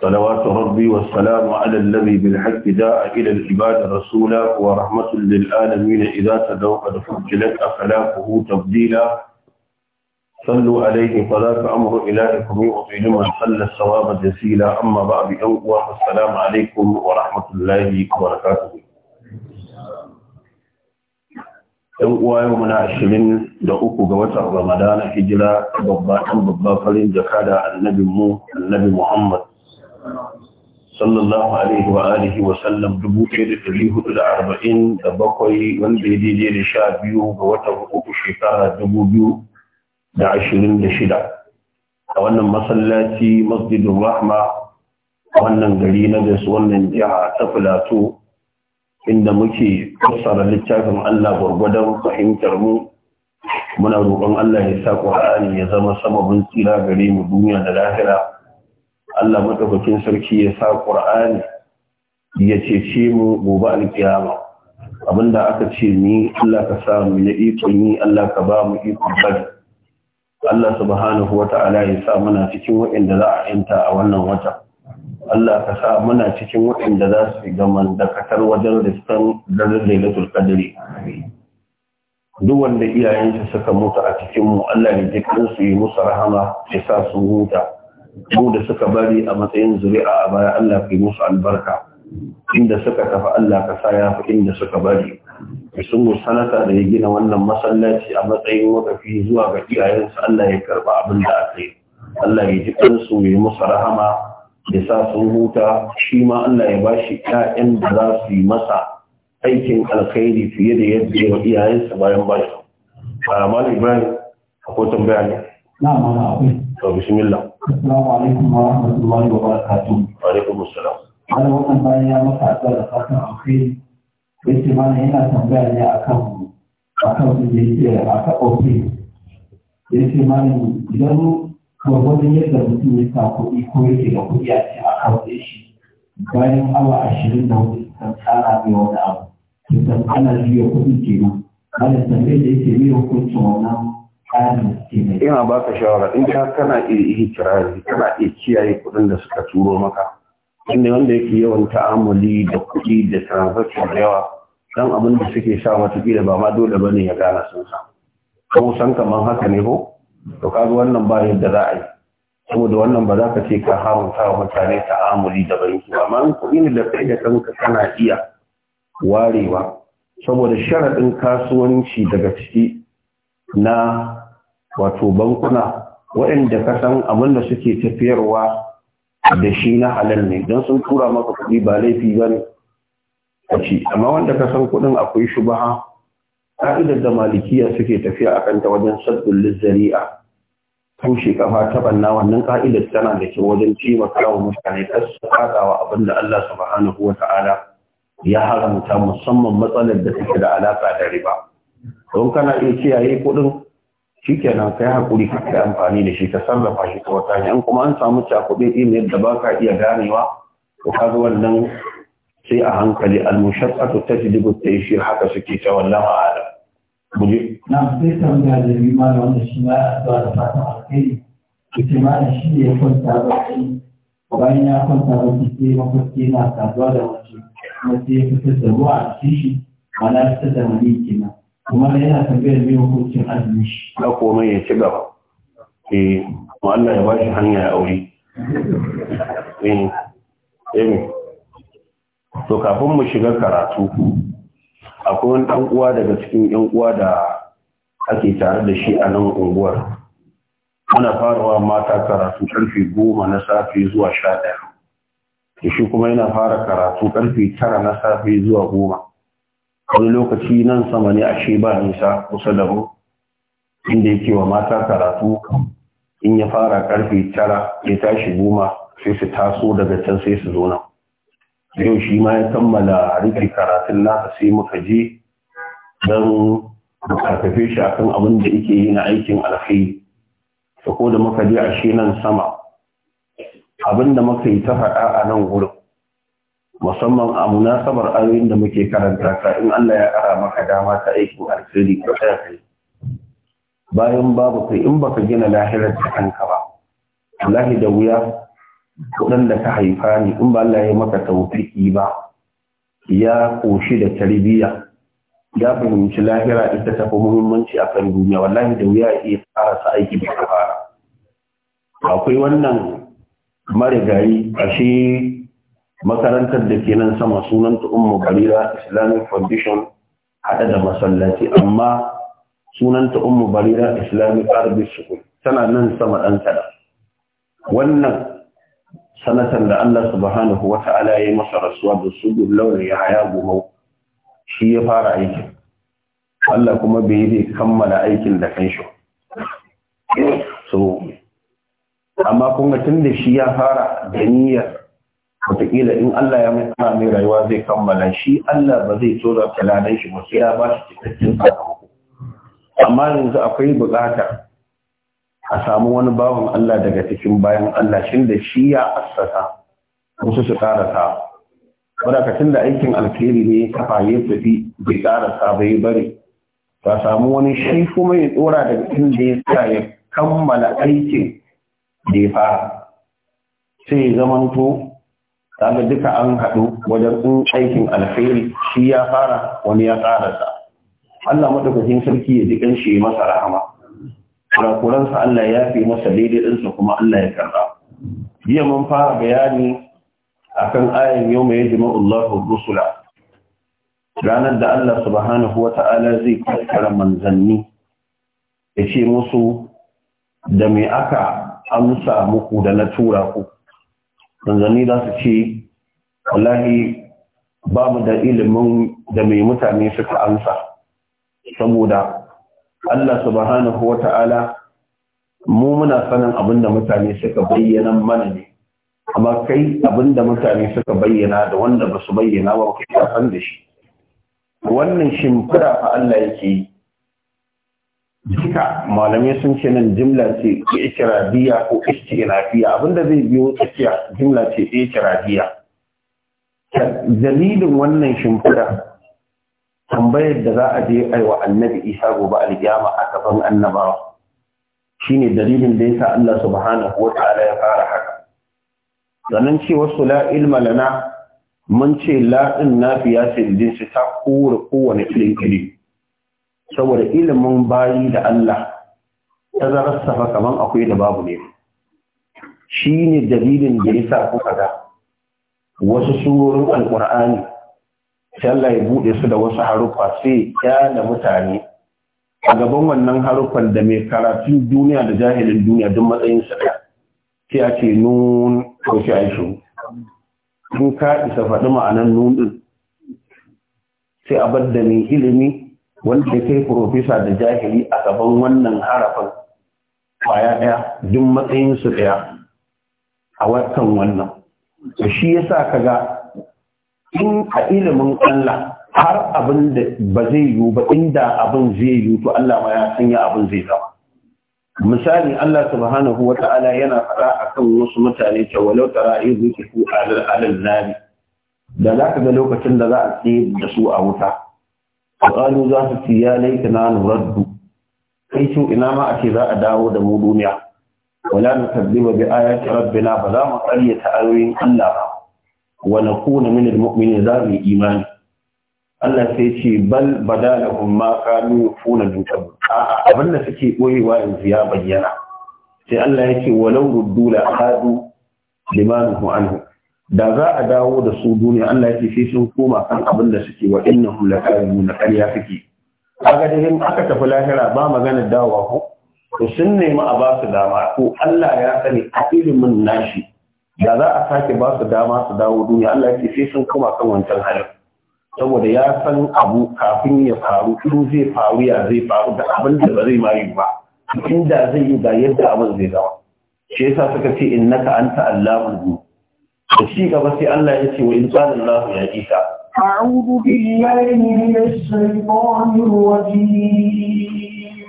صلوات ربي والسلام على الذي بالحق جاء إلى العباد رسولا ورحمة للعالمين إذا تدوا قد فجلت أخلاقه تبديلا صلوا عليه فذاك أمر إلهكم يعطي لمن صلى الصواب جسيلا أما بعد أوقوا السلام عليكم ورحمة الله وبركاته أوقوا يومنا yau muna قوات رمضان هجلا ga watan ramadana hijira النبي النبي babba sallallahu alaihi wa alihi wa sallam dubu ɗaya da ɗari hudu da arba'in da bakwai wanda ya dide da sha biyu ga watan uku shekara dubu biyu da ashirin da shida a wannan masallaci masjidin rahma wannan gari na gaisu, wannan jiha ta filato inda muke fassara littafin Allah gwargwadon fahimtar mu muna roƙon Allah ya sa Qur'ani ya zama sababin tsira gare mu duniya da lahira Allah madaukakin sarki ya sa Qur'ani ya cece mu gobe alkiyama abinda aka ce ni Allah ka sa mu ya iko ni Allah ka ba mu iko bari Allah subhanahu wata'ala ya sa muna cikin waɗanda za a yanta a wannan wata Allah ka sa muna cikin waɗanda za su ga dakatar wajen riskan daren lailatul qadri duk wanda iyayensu suka mutu a cikin mu Allah ya ji kansu yi musu rahama ya sa su huta mu da suka bari a matsayin zuri'a a baya Allah ka musu albarka inda suka tafi Allah ka sa ya fi inda suka bari bisun sanata da ya gina wannan masallaci a matsayin wakafi zuwa ga iyayensa Allah ya karba abin da aka yi Allah ya ji kansu ya musu rahama ya sa sun huta shi ma Allah ya ba shi ƴaƴan da za su yi masa aikin alkhairi fiye da yadda ya iyayensa bayan ba shi. Malam Ibrahim akwai tambaya ne? Na'am, akwai. to bismillah assalamu alaikum wa rahmatullahi wa barakatuh wa alaikum assalam wani wannan bayan ya maka addu'a da fatan alkhairi yace mana yana tambaya ne akan akan su da yake akan ofis yace mana idan gwargwadon yadda mutum ya sa kuɗi ko yake da kuɗi a cikin akawun shi bayan awa ashirin da hudu kan tsara mai wani abu kusan ana juya kuɗi kenan ana tambayar da yake mai hukuncin wannan ina ba ka shawara in ka kana iya kirari kana iya kiyaye kuɗin da suka turo maka inda wanda yake yawan ta'amuli da kuɗi da transaction da yawa don abin da suke sa da ba ma dole bane ya gana sun sa ko san kaman haka ne ko to kaga wannan ba yadda za a yi saboda wannan ba za ka ce ka haramta wa mutane ta'amuli da banki ba amma kuɗi da kai kana iya warewa saboda sharaɗin kasuwanci daga ciki na wato bankuna waɗanda ka san abin da suke tafiyarwa da shi na halal ne don sun tura maka kuɗi ba laifi ba ne a amma wanda ka san kuɗin akwai shubaha ƙa'idar da malikiya suke tafiya a kanta wajen sabbin lizzari'a tushe kafa ta banna wannan ka'idar tana da ke wajen ci wa mutane ta su faɗa abin da Allah subhanahu wa ta'ala ya haramta musamman matsalar da take da alaƙa da riba don kana iya kiyaye kudin shi kenan kai hakuri ka kai amfani da shi ka sarrafa shi ta wata hanya kuma an samu cakuɗe email yadda ba ka iya ganewa to ka ga wannan sai a hankali almushaqqatu tajlibu at-tayshir haka suke ta wallahi ala buje na sai tambaya da bi ma wanda shi ma addu'a da fatan alheri kace ma shi ne kwanta ba shi bayan ya kwanta ba shi sai mafarki yana saduwa da wace kuma sai ya fitar da ruwa a cikin shi mana fitar da mani kenan kuma yana tambayar mai hukuncin azumi shi na komai ya ci gaba eh mu Allah ya bashi hanya ya aure eh eh to kafin mu shiga karatu akwai wani dan uwa daga cikin yan uwa da ake tare da shi a nan unguwar ana farawa mata karatu karfe goma na safe zuwa sha ɗaya shi kuma yana fara karatu karfe tara na safe zuwa goma wani lokaci nan sama ne ashe ba nisa kusa da mu inda yake wa mata karatu in ya fara karfe tara ya tashi goma sai su taso daga can sai su zo nan yau shi ma ya kammala rike karatun nasa sai muka je don karfafe shi akan abin da yake yi na aikin alkhairi da ko da muka je ashe nan sama abin da muka yi ta faɗa a nan gurin musamman a munasabar ayoyin da muke karanta ka in Allah ya ƙara maka dama ta aikin alheri ka tsaya kai bayan babu kai in baka gina lahirar ta kanka ba wallahi da wuya da ka haifa ni in ba Allah ya maka tawfiki ba ya koshi da tarbiyya ya fahimci lahira ita ta tafi muhimmanci a kan duniya wallahi da wuya ya fara sa aiki da fara akwai wannan marigayi shi. makarantar da ke nan sama sunanta ummu barira islamic foundation haɗa da masallaci amma sunanta ummu barira islamic arabic school tana nan sama ɗan kaɗa wannan sanatan da allah subhanahu wa ta'ala ya yi masa rasuwa da su launin ya haya gumau shi ya fara aikin allah kuma bai yi kammala aikin da kan shi so amma kuma tun da shi ya fara da niyyar wataƙila in Allah ya mai mai rayuwa zai kammala shi Allah ba zai tsora talanan shi ba sai ya ba shi cikakken sakamako amma yanzu akwai buƙatar a samu wani bawan Allah daga cikin bayan Allah shi da shi ya assasa wasu su ƙarasa wadakacin da aikin alkhairi ne kafa ya tafi bai ƙarasa bai bari ba samu wani shi kuma ya tsora daga inda ya sa ya kammala aikin da ya fara sai ya zamanto kaga duka an haɗu wajen in aikin alheri, shi ya fara wani ya ƙarasa Allah madaukakin sarki ya ji kanshi ya masa rahama kurakuransa Allah ya fi masa daidai ɗinsa kuma Allah ya karba jiya mun fara bayani akan ayan yau mai yajima Allahu rusula ranar da Allah subhanahu wa ta'ala zai karkara manzanni ya ce musu da me aka amsa muku da na tura ku zanzani za su ce wallahi babu da ilimin da mai mutane suka ansa saboda Allah subhanahu wa ta'ala mu muna sanin abin da mutane suka bayyana mana ne amma kai abin da mutane suka bayyana da wanda ba su bayyana ba kai san da shi wannan shimfida fa Allah yake yi duka malamai sun ce nan jimla ce ikiradiya ko istinafiya abinda zai biyo tsakiya jimla ce ikiradiya dalilin wannan shimfiɗa tambayar da za a je aiwa annabi isa gobe alƙiyama a gaban annabawa shine dalilin da yasa Allah subhanahu wa ta'ala ya fara haka sannan ce wasu la ilma lana mun ce la nafiya ce jinsi ta kore kowane ilin ilimi saboda ilimin bayi da Allah tazararsa fa kaman akwai da babu ne shi ne dalilin da ya sa kuka ga wasu surorin alkur'ani sai Allah ya buɗe su da wasu haruffa sai ya da mutane a gaban wannan haruffan da mai karatu duniya da jahilin duniya duk matsayin sa ɗaya sai a ce nun ko sai a yi ka isa faɗi ma'anan nun ɗin sai a bar da mai ilimi wanda ya kai profesa da jahili a gaban wannan harafin kwaya ɗaya duk matsayinsu ɗaya a watan wannan shi yasa kaga in a ilimin Allah har abin da ba zai yiwu ba inda abin zai yiwu to Allah ma ya sanya abin zai zama misali Allah subhanahu wa ta'ala yana fara akan wasu mutane ta walau tara yuzu ku alal alal nabi da zaka ga lokacin da za a tsaye da su a wuta qalu za su ce ya laitana nuraddu kai su ina ma a ce za a dawo da mu duniya wala nukazziba bi ayati rabbina ba za mu qaryata ayoyin Allah ba wa nakuna min almu'minin za mu imani Allah sai ce bal da ma kanu yufuna min qabl a'a abin da suke koyewa yanzu ya bayyana sai Allah ya ce walau ruddu la hadu limanu anhu da za a dawo da su duniya Allah yake sai sun koma kan abin da suke wa innahum lakazibun ƙarya suke kaga dai in aka tafi lahira ba magana dawowa ko to sun nemi a ba su dama ko Allah ya sani a ilimin nashi da za a sake ba su dama su dawo duniya Allah yake sai sun koma kan wancan halin saboda ya san abu kafin ya faru in zai faru ya zai faru da abin da ba zai mayu ba inda zai yi ga yadda abin zai zama shi yasa suka ce innaka anta allahul وشي قبسي الله يتي وإن قال الله يا إيسا أعوذ بالله من الشيطان الرجيم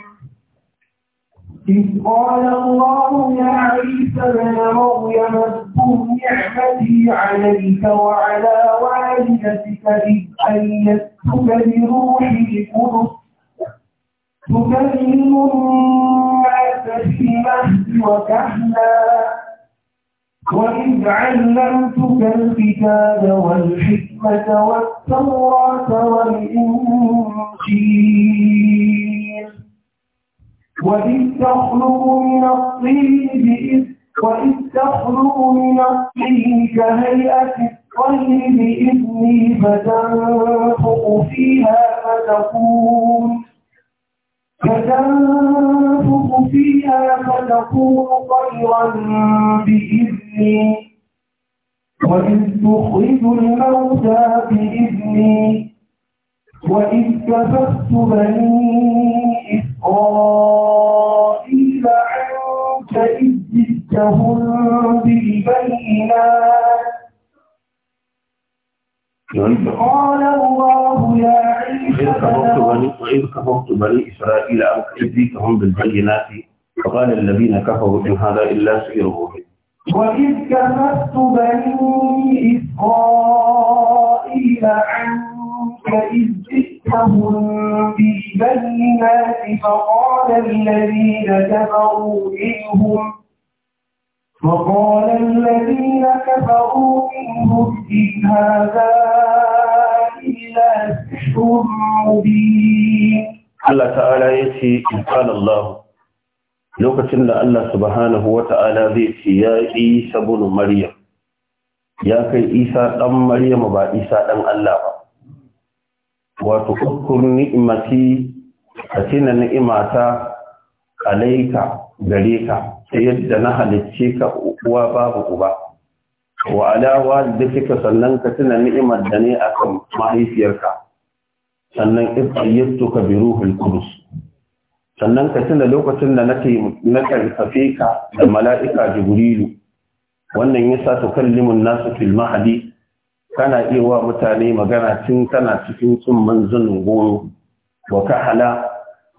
إذ قال الله يا عيسى بن مريم اذكر نعمتي عليك وعلى والدتك إذ أيدتك بروح القدس تكلم الناس في المهد وكهلا وإذ علمتك الكتاب والحكمة والتوراة والإنجيل وإذ تخلق من الطين وإذ تخلق من الطين كهيئة الطير بإذني فتنفق فيها فتكون تكون خيرا بإذني وإذ تخرج الموتى بإذني وإذ كففت بني إسرائيل عنك إذ جئتهم بالبينات قال الله يا عيسى إذ كففت بني إسرائيل عنك إذ جئتهم بالبينات وقال الذين كفروا إن هذا إلا سحر مبين وإذ كفرت بني إسرائيل عنك إذ جئتهم بالبينات فقال الذين كفروا منهم فقال الذين كفروا منهم إن هذا إلا سحر مبين الله تعالى يأتي قال الله lokacin da Allah subhanahu wa ta'ala zai ce ya isa bin maryam ya kai isa ɗan maryam ba isa ɗan Allah ba wato ukkur ni'mati katina ni'imata alaika gare ka ta yadda na halicce ka uwa babu uba wa ala walidika sannan ka tuna ni'imar da ne akan mahaifiyarka sannan ibtayyatuka bi ruhul qudus sannan ka tuna lokacin da na karfafe ka da mala'ika jibrilu wannan ya sa tukallimun nasu fil mahadi kana iya wa mutane magana tun kana cikin tsumman zunin goro wa ka hala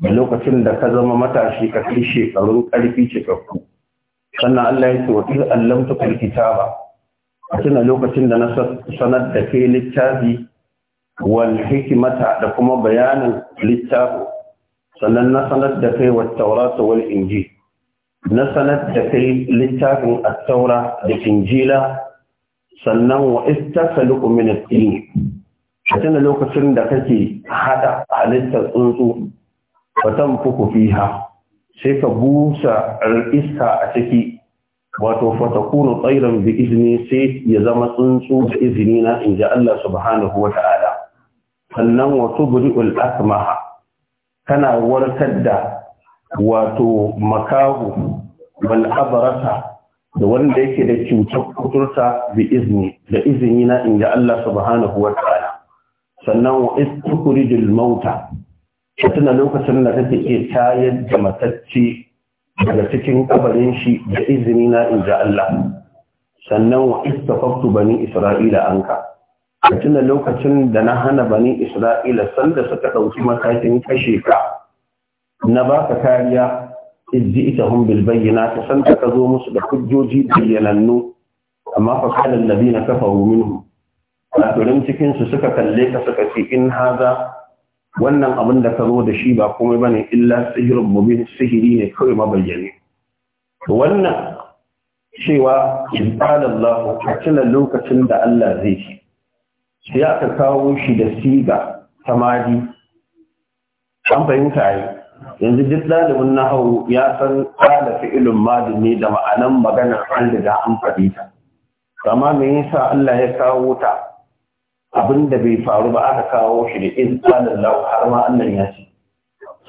da lokacin da ka zama matashi ka kai shekarun karfi cikakku sannan Allah ya ce wa iz ta ba a tuna lokacin da na sanar da kai littafi wal hikimata da kuma bayanin littafi? sannan na sanar da kai wa taurata wal inji na sanar da kai littafin taura da injila sannan wa istasalu min at-tin tana lokacin da kake hada halittar tsuntsu fatan fuku fiha sai ka busa iska a ciki wato Fatakuna tsairan bi izini sai ya zama tsuntsu da izini na inji Allah subhanahu wa ta'ala sannan wa tubri'ul akmaha tana warkar da wato makahu wal da wanda yake da cutar kuturta bi izini da izini na inda Allah subhanahu wa ta'ala sannan wa istukhrijul mauta tana lokacin da take iya tayar da matacce daga cikin kabarin shi da izini na inda Allah sannan wa istafaftu bani isra'ila anka a tuna lokacin da na hana bani isra'ila sanda suka ɗauki matakin kashe ka na baka kariya izi ita hun bilbayyana ta san ka zo musu da hujjoji bayyanannu amma fa na kafa minhu cikin cikinsu suka kalle ka suka ce in haza wannan abin da ka zo da shi ba komai ba ne illa sihirin mubin sihiri ne kawai mabayyane wannan cewa izbalallahu a tuna lokacin da Allah zai ci sai aka kawo shi da siga samadi an fahimta yi yanzu duk ɗalibin na hau ya san ƙada fi'ilin madin ne da ma'anan maganar an da an faɗi ta kama me yasa Allah ya kawo ta abin da bai faru ba aka kawo shi da in tsalallahu har ma Allah ya ce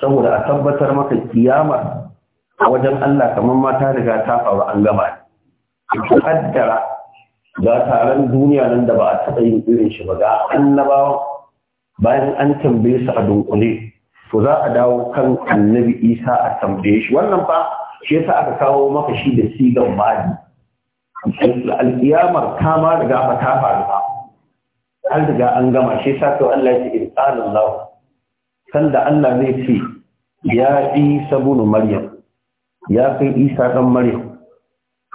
saboda a tabbatar maka kiyama a wajen Allah kamar mata riga ta faru an gama ne kaddara ga taron duniya nan da ba a taɓa yin irin shi ba ga annabawa bayan an tambaye su a dunkule to za a dawo kan annabi isa a tambaye shi wannan ba, shi yasa aka kawo maka shi da sigan mali al'iyamar kama daga ba ta faru ba an riga an gama shi yasa kawai Allah ya ce irqalan lahu sanda Allah zai ce ya isa bunu maryam ya kai isa dan maryam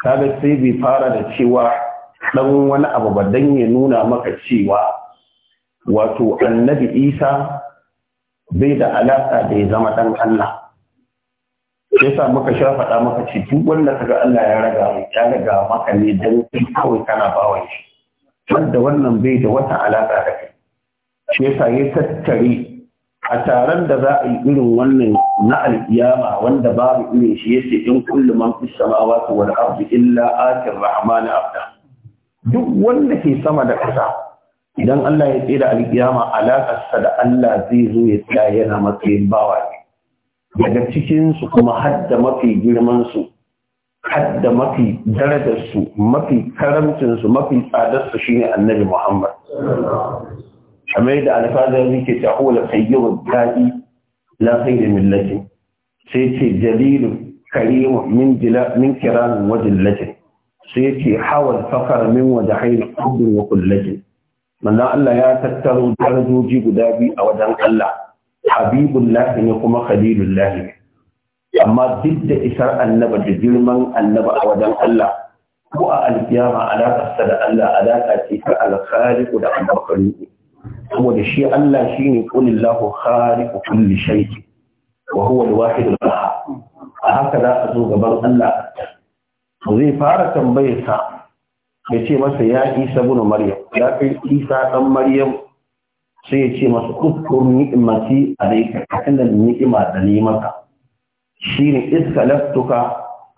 kaga sai bai fara da cewa ɗan wani abu ba don ya nuna maka cewa wato annabi isa bai da alaƙa da ya zama ɗan Allah. Sai sa muka shafaɗa maka ce duk wanda ga Allah ya raga ya raga maka ne don kai kawai kana bawan shi. Wanda wannan bai da wata alaƙa da kai. Shi sa ya tattare a taron da za a yi irin wannan na alƙiyama wanda babu irin shi ce in kullu man fis su wani abu, illa atir rahmani abda. duk wanda ke sama da ƙasa idan Allah ya tsira alƙiyama alakarsa da Allah zai zo ya tsaya yana matsayin bawa ne daga cikinsu kuma hadda mafi su, hadda mafi su, mafi su, mafi tsadarsu shi ne annabi Muhammad. Kamar da alfadar yake ta hula sayyarun daɗi la sayyar millatin sai ce jalilu karimu min kiramin wajen lajin. sai yake hawal fakar min waje haini kudin wa kullaji manzan Allah ya tattaro darajoji guda biyu a wajen Allah habibun ne kuma khalilun amma duk da isar annaba da girman annaba a wajen Allah ko a alkiyama alakarsa da Allah alaƙa ce ta alkhaliku da albakariku saboda shi Allah shine ne kulillahu khaliqu kulli shay'in wa huwa al-wahid al haka za a zo gaban Allah zai fara sa ya ce masa ya isa bin maryam ya kai isa dan maryam sai ya ce masa uskur ni'mati alayka inda ni'ima da ni maka shine iskalaftuka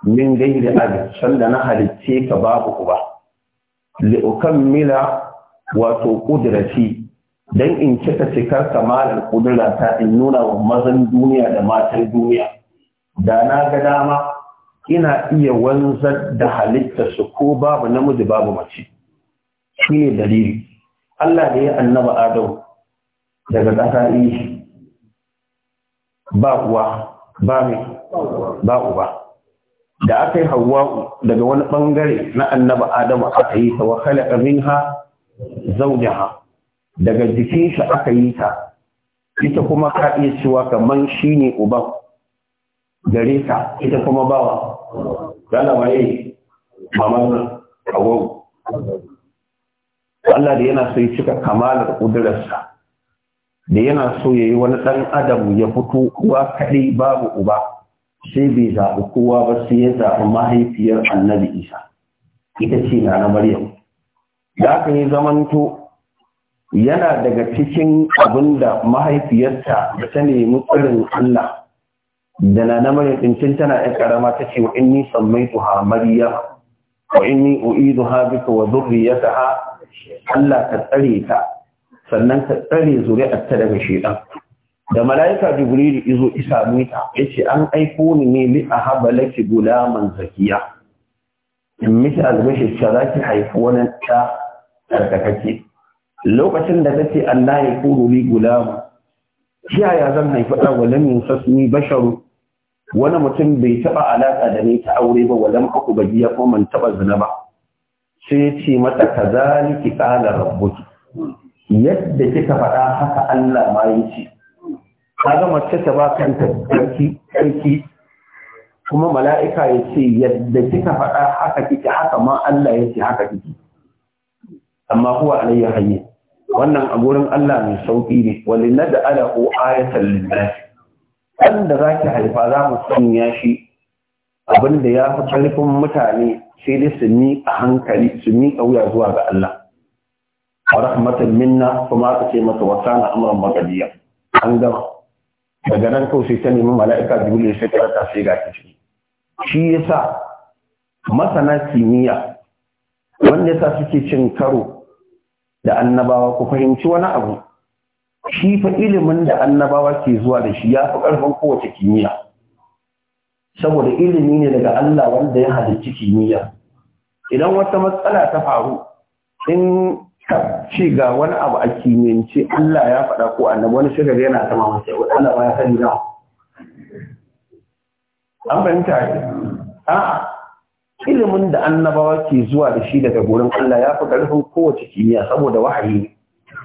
min gairi abin sanda na halicce ka babu uba li'ukammila wato kudrati dan in cika cikar kamalar kudura ta in nuna wa mazan duniya da matar duniya da na ga dama ina iya wanzar da halittarsu ko babu namiji babu mace shi ne dalili Allah da ya annaba Adam daga ƙasa shi ba uwa ba mai ba uba da aka yi Hawwa daga wani ɓangare na annaba Adam aka yi ta wa khalaqa minha zawjaha daga jikin shi aka yi ta ita kuma ka iya cewa kaman shine uban gare ka ita kuma bawa dala waye mamar agogo Allah da yana so ya cika kamalar ƙudurarsa da yana so ya yi wani ɗan adam ya fito uwa kaɗai babu uba sai bai zaɓi kowa ba sai ya zaɓi mahaifiyar annabi isa ita ce na na maryam da aka yi zamanto yana daga cikin abin mahaifiyarta ta nemi tsirin Allah da na na ɗincin tana ‘yan ƙarama ta ce wa inni sammai tuha mariya wa inni u'idu ha bika wa zurriyata ha Allah ka tsare ta sannan ka tsare zuri'ar ta daga shaidan!" da mala'ika jibrilu izo isa mita yace an aiko ni ne li ahaba laki gulaman zakiya in miki albashi za ki haifi wani ta tsarkakake lokacin da kace Allah ya kuru li gulama Kiyaya zan haifi ɗan wa lam yusasni basharu wani mutum bai taɓa alaƙa da ni ta aure ba walam aku bagiya ko man taɓa zina ba sai ya ce mata ka zaliki ƙala rabbuki yadda kika faɗa haka Allah ma ya ce kaga mace ta ba kanta karki karki kuma mala'ika ya ce yadda kika faɗa haka kike haka ma Allah ya ce haka kike amma huwa alayya hayy wannan a gurin Allah mai sauki ne walin da alahu ayatan lin wanda za ki haifa za mu sanya shi abin da ya fi ƙarfin mutane sai dai su miƙa hankali su a wuya zuwa ga Allah A rahmatan minna kuma aka ce masa wata na amuran magadiya an gama daga nan kawai sai ta nemi mala'ika jibril sai ta rata sai ga ciki shi ya sa masana kimiyya wanda yasa suke cin karo da annabawa ku fahimci wani abu shi fa ilimin da annabawa ke zuwa da shi ya fi ƙarfin kowace kimiyya saboda ilimi ne daga Allah wanda ya halicci kimiyya idan wata matsala ta faru in ka ce ga wani abu a kimiyyance Allah ya faɗa ko annabi wani shigar yana sama masa wani Allah ba ya sani na an fahimta a'a ilimin da annabawa ke zuwa da shi daga gurin Allah ya fi ƙarfin kowace kimiyya saboda wahayi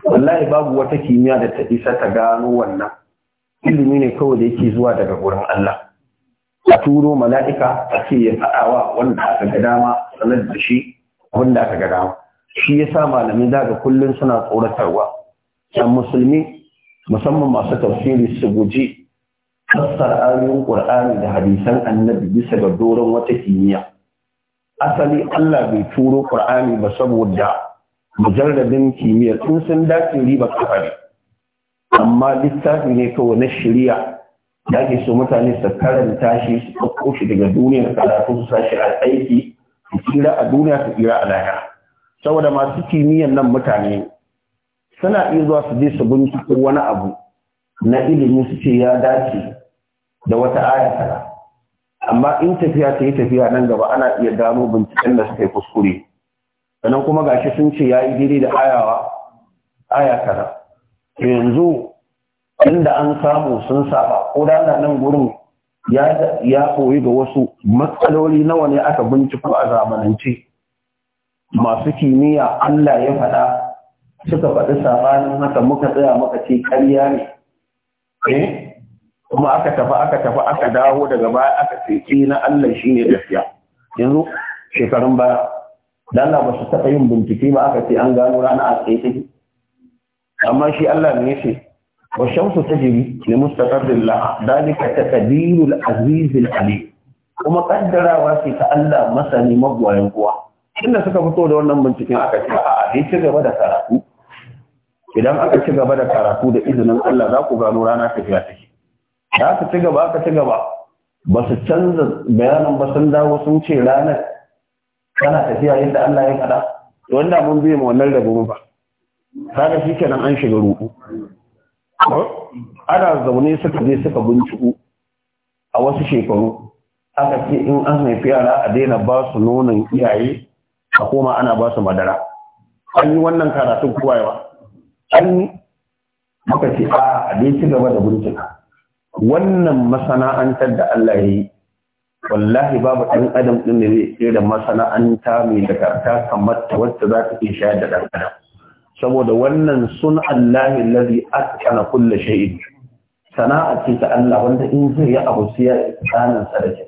wallahi babu wata kimiyya da ta isa ta gano wannan ilimi ne kawai da yake zuwa daga wurin Allah a turo mala'ika a ce ya faɗawa wanda aka ga dama sanar da shi wanda aka ga dama shi ya yasa malamai daga kullum suna tsoratarwa dan musulmi musamman masu tafsiri su guji fassar ayoyin Qur'ani da hadisan Annabi bisa ga doron wata kimiyya asali Allah bai turo Qur'ani ba saboda mujarradin kimiyya tun sun dace riba kafari amma littafi ne kawai na shirya da ake so mutane su karanta shi su ɗauko shi daga duniyar karatu su shi a aiki su tsira a duniya su tsira a lahira saboda masu kimiyyar nan mutane suna iya zuwa su je su binciko wani abu na ilimi su ce ya dace da wata aya amma in tafiya ta yi tafiya nan gaba ana iya gano binciken da suka yi kuskure sannan kuma gashi sun ce ya yi daidai da ayawa aya kaza yanzu inda an samu sun saba ko da nan gurin ya koyi ga wasu matsaloli nawa ne aka binciko a zamanance masu kimiyya Allah ya faɗa suka faɗi sabanin haka muka tsaya muka ce ƙarya ne eh? kuma aka tafi aka tafi aka dawo daga baya aka ce eh, na Allah shine gaskiya yanzu shekarun baya dan Allah ba taɓa yin bincike ba aka ce an gano rana a tsaye take amma shi Allah ne yace wa shamsu tajri li mustaqarrin la dalika taqdirul aziz al alim kuma kaddarawa ce ta Allah masani magwayan kuwa. inda suka fito da wannan binciken aka ce a a ci gaba da karatu idan aka ci gaba da karatu da izinin Allah za ku gano rana tafiya take za aka ci gaba aka ci gaba ba su canza bayanan ba sun dawo sun ce ranar kana tafiya yadda Allah ya kada to wanda mun bi mu wannan rabu ba kaga shikenan an shiga ruku ana zaune suka je suka binciko a wasu shekaru aka ce in an haifi yara a daina ba su nonon iyaye a koma ana ba su madara an yi wannan karatun kuwayewa an yi muka ce a dai ci gaba da bincika wannan masana'antar da Allah ya yi wallahi babu ɗan adam ɗin da zai da masana'anta mai daga kamar ta wacce za ta iya sha da ɗan adam saboda wannan sun Allah lazi atkana kulle shay'in sana'a ce ta Allah wanda in zai yi abu sai ya tsanan sadaka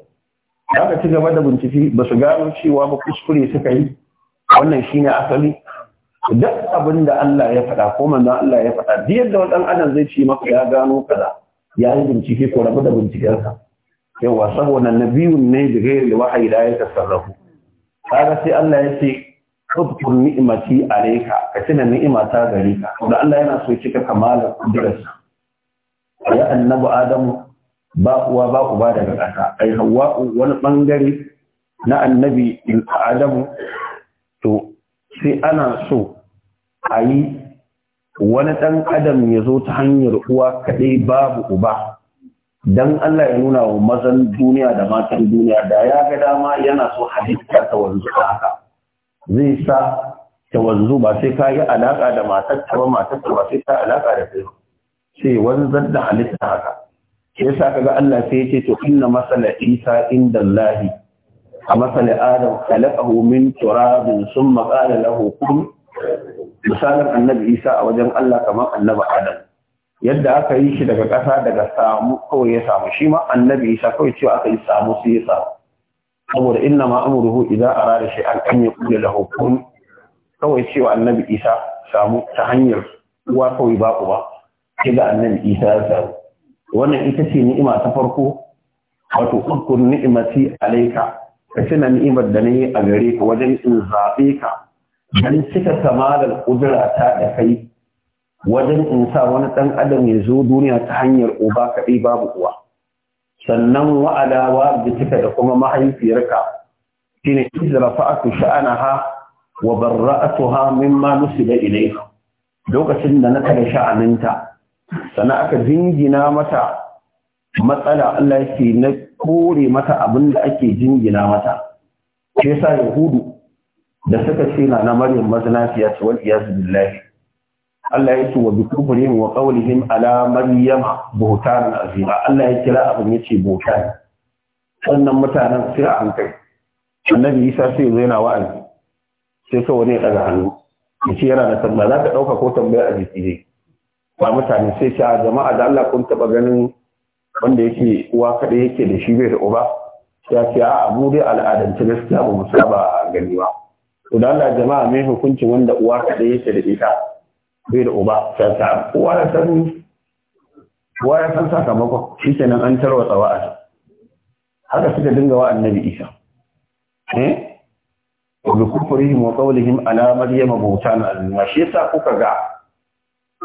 daga ci gaba da bincike ba su gano cewa ba kuskure suka yi wannan ne asali duk abin da Allah ya faɗa ko manzo Allah ya faɗa duk yadda wani adam zai ce maka ya gano kaza ya yi bincike ko rabu da bincikensa yawa saboda nabiyun ne da gairi da wahayi da ya tasarrafu kaga sai Allah ya ce ubkur ni'mati alayka ka tuna ni'imata gare ka da Allah yana so kika kamala kudrarsa ya annabi adamu ba uwa ba uba daga ƙasa ai hawa wani bangare na annabi adamu to sai ana so a yi wani ɗan adam ya zo ta hanyar uwa kaɗai babu uba dan Allah ya nuna wa mazan duniya da matan duniya da ya ga dama yana so halitta ta wanzu haka zai sa ta wanzu ba sai ka yi alaka da matar ta ba matar ta ba sai ta alaka da kai sai wanzan da halitta haka sai sa kaga Allah sai ya ce to inna masala isa inda Allah a masala adam khalaqahu min turabin thumma qala lahu kun misalan annabi isa a wajen Allah kamar annabi adam yadda aka yi shi daga ƙasa daga samu kawai ya samu shi ma annabi isa kawai cewa aka yi samu sai ya samu saboda inna ma amruhu idza arada shay'an an yaqula lahu kun kawai cewa annabi isa samu ta hanyar uwa kawai ba uba sai ga annabi isa ya samu wannan ita ce ni'ima ta farko wato ukur ni'imati alayka ka tuna ni'imar da nayi a gare ka wajen in zabe ka dan cika kamalar kudura ta da kai wajen in sa wani ɗan adam ya zo duniya ta hanyar uba kaɗai babu uwa sannan wa'ada wa bitika da kuma mahaifiyarka shine sha'ana sha'anaha wa barra'atuha mimma nusida ilayka lokacin da na kada sha'aninta sannan aka jingina mata matsala Allah yake na kore mata abin da ake jingina mata shi yasa yahudu da suka ce na na maryam mazinafiya ce wal billahi Allah yake wa bikufrihim wa qawlihim ala maryam buhtan azima Allah ya kira abin yace buhtan wannan mutanen sai a hankali annabi Isa sai zo yana wa'azi sai sai wani daga hannu yace yana da tambaya za ka dauka ko tambaya a jiki ne ba mutane sai sai jama'a da Allah kun taba ganin wanda yake uwa kada yake da shi bai da uba ya ce a abu dai al'adance gaskiya ba mu saba gani ba to da Allah jama'a mai hukuncin wanda uwa kada yake da ita bai da uba sassa ya san ya san sakamakon shi nan an tarwa tsawa a haka suka dinga wa annabi isa eh bi kufrihim wa qawlihim ala maryam buhtan al shi yasa kuka ga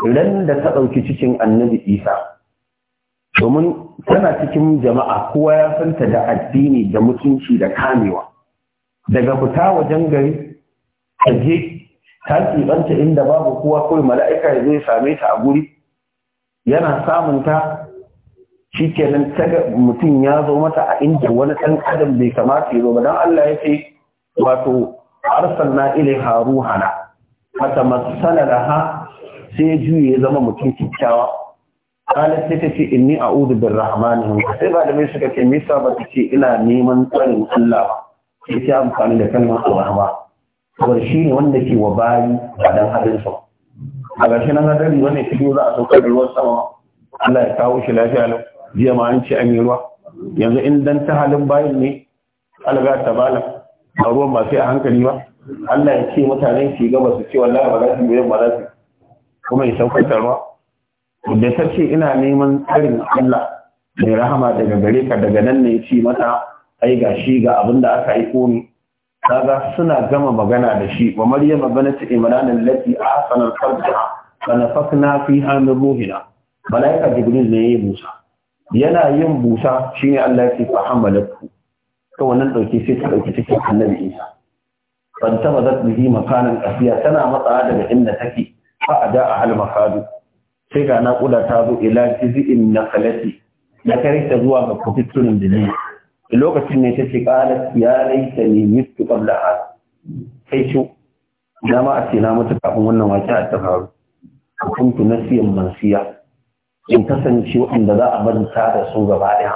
ran da ta dauki cikin annabi isa domin tana cikin jama'a kowa ya santa da addini da mutunci da kamewa daga fita wajen gari aje. ta keɓanta inda babu kowa kawai mala'ika ya zo ya same ta a guri yana samun ta shi kenan taga mutum ya zo mata a inda wani ɗan adam bai kamata ya zo ba don Allah ya ce wato arsalna ilaiha ruhana mata masana ha sai ya juye ya zama mutum kyakkyawa qalat sai ta ce inni bin birrahmani sai ba da mai suka ce me yasa ba ta ce ina neman tsarin Allah ba sai ta amfani da kalmar rahma saboda ne wanda ke wa bayi a dan hadin sa a ƙarshen nan hadari wanda ke za a saukar da ruwan sama Allah ya kawo shi lafiya lau jiya ma an ce an yi ruwa yanzu in dan ta halin bayin ne alga ta bala a ruwan ba sai a hankali ba Allah ya ce mutanen shi gaba su ce wallahi ba za su yi ba za su kuma ya saukar da ruwa da ta ce ina neman tsarin Allah mai rahama daga gare ka daga nan ne ya ce mata ai ga shi ga abin da aka aiko ni kaga suna gama magana da shi wa maryama banat imran allati ahsana farjaha fa nafakna fiha min ruhina malaika jibril ne yayin busa yana yin busa shine Allah ya ce fa hamalatu to wannan dauki sai ta dauki cikin annabi Isa ban tabbatar bihi makanan kafiya tana matsa daga inda take fa ada ahal makadu sai ga naƙuda ta zo ila jizi'in nakalati da kare zuwa ga kufittunin dinin lokacin ne ta ce ƙalat ya laita ne mistu ƙabla a sai shi dama a ce na mutu kafin wannan wake a ta faru kuntu siyan mansiya in kasance waɗanda za a bar da su gaba ɗaya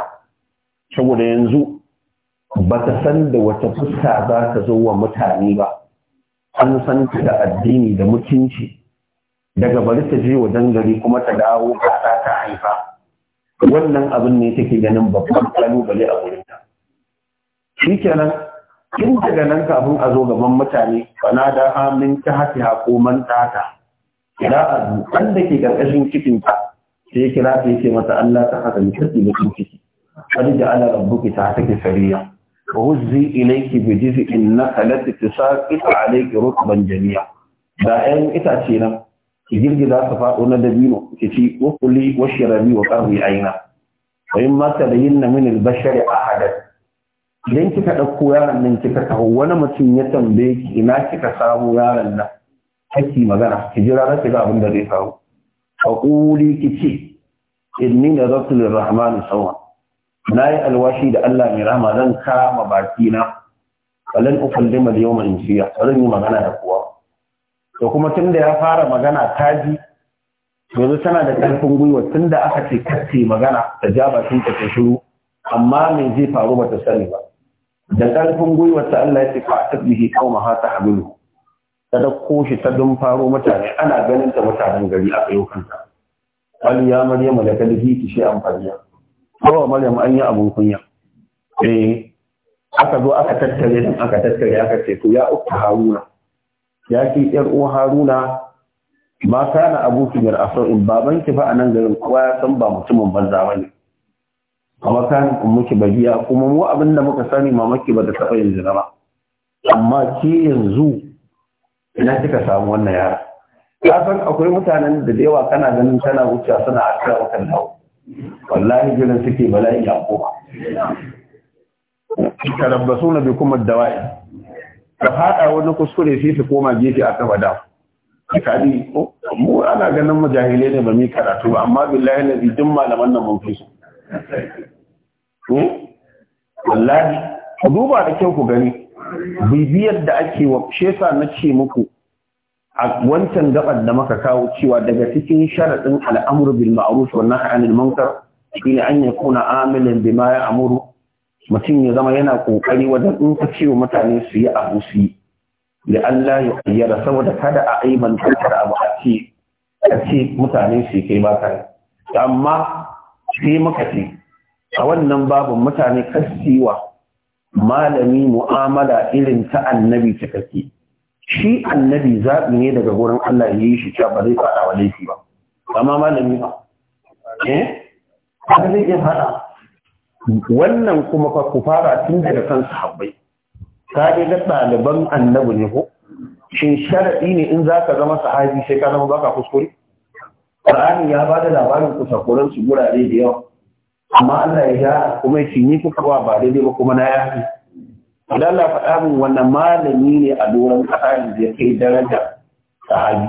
saboda yanzu ba ta san da wata fuska za ta zo wa mutane ba an san ta da addini da mutunci daga bari ta je wa gari kuma ta dawo ba ta haifa wannan abin ne take ganin babban kalubale a wurin ta Shi kenan, kin daga nan kafin a zo gaban mutane bana da amin ta ko hakoman tata kira a dukan da ke ƙarƙashin cikin ta sai kira ta yake mata Allah ta haka mutsatsi da ciki wani da ala rabbuki ta take sariya wa huzzi ilayki bi jiz'in nakhlati tisaqit alayki rutban jami'a. da 'yan itace nan ki girgiza su faɗo na dabino ki ci ukuli wa shirabi wa qarri aina wa in da tadayyinna min al a ahadan idan kika ɗauko yaron nan kika kawo wani mutum ya tambaye ki ina kika samu yaron nan kake magana ki jira na ga abin da zai A faquli ki ce inni nazartu lirrahmani Na yi alwashi da Allah mai rahama zan kama baki na da ukallima al-yawma Ba zan yi magana da kowa Da kuma tun da ya fara magana ta ji yanzu tana da ƙarfin gwiwa tun da aka ce kace magana ta ja bakin ta ta shiru amma mai zai faru ba ta sani ba da ƙarfin gwiwa ta Allah ya ce fa ta bihi kauma ha ta habilu ta dauko shi ta dun faro mutane ana ganin ta mutanen gari a ayyukanta wal ya maryamu da kalbi ki shi amfani kowa Maryam an yi abun kunya eh aka zo aka tattare aka tattare aka ce to ya ukka haruna ya ce yar uwa haruna ma kana abuki a afra'in baban ki a nan garin kowa ya san ba mutumin banza bane amma kan ummuki bagiya kuma mu abinda muka sani mamaki ba ta taɓa yanzu na ba amma ki yanzu ina kika samu wannan yara ka san akwai mutanen da da yawa kana ganin tana wucewa suna a akira maka dawo wallahi jiran suke bala'i ya koma tarabbasu na bi kuma dawa'i ka fada wani kuskure sai su koma gefe a kafa da kadi oh, mu ana ganin majahilai ne ba mu karatu ba amma billahi na zidin malaman nan mun fi su hmm? wallahi ku duba da kyau ku gani bibiyar da ake wa shesa na ce muku a wancan gabar da maka kawo cewa daga cikin sharaɗin al'amur bil ma'ruf wa nahy anil munkar shine an yakuna amilan bima ya'muru mutum ya zama yana kokari wajen in ka ce wa mutane su yi abu su yi da Allah ya ayyara saboda kada a aiman kantar abu a ce a ce mutane su kai ba kai amma sai muka ce a wannan babu mutane kasiwa malami mu'amala irin ta annabi kake shi annabi zaɓi ne daga gurin Allah ya yi shi cewa ba zai faɗa wa laifi ba amma malami ba eh ba zai iya faɗa wannan kuma fa ku fara tun daga kan sahabbai ka ga ɗaliban annabi ne ko shin sharadi ne in zaka zama sahabi sai ka zama baka kuskure Qur'ani ya ba da labarin kusakuran su gurare da yawa amma Allah ya kuma ya ni ku kawa ba daidai ba kuma na yafi idan Allah faɗa min wannan malami ne a doron ƙasa da ya kai daraja sahabi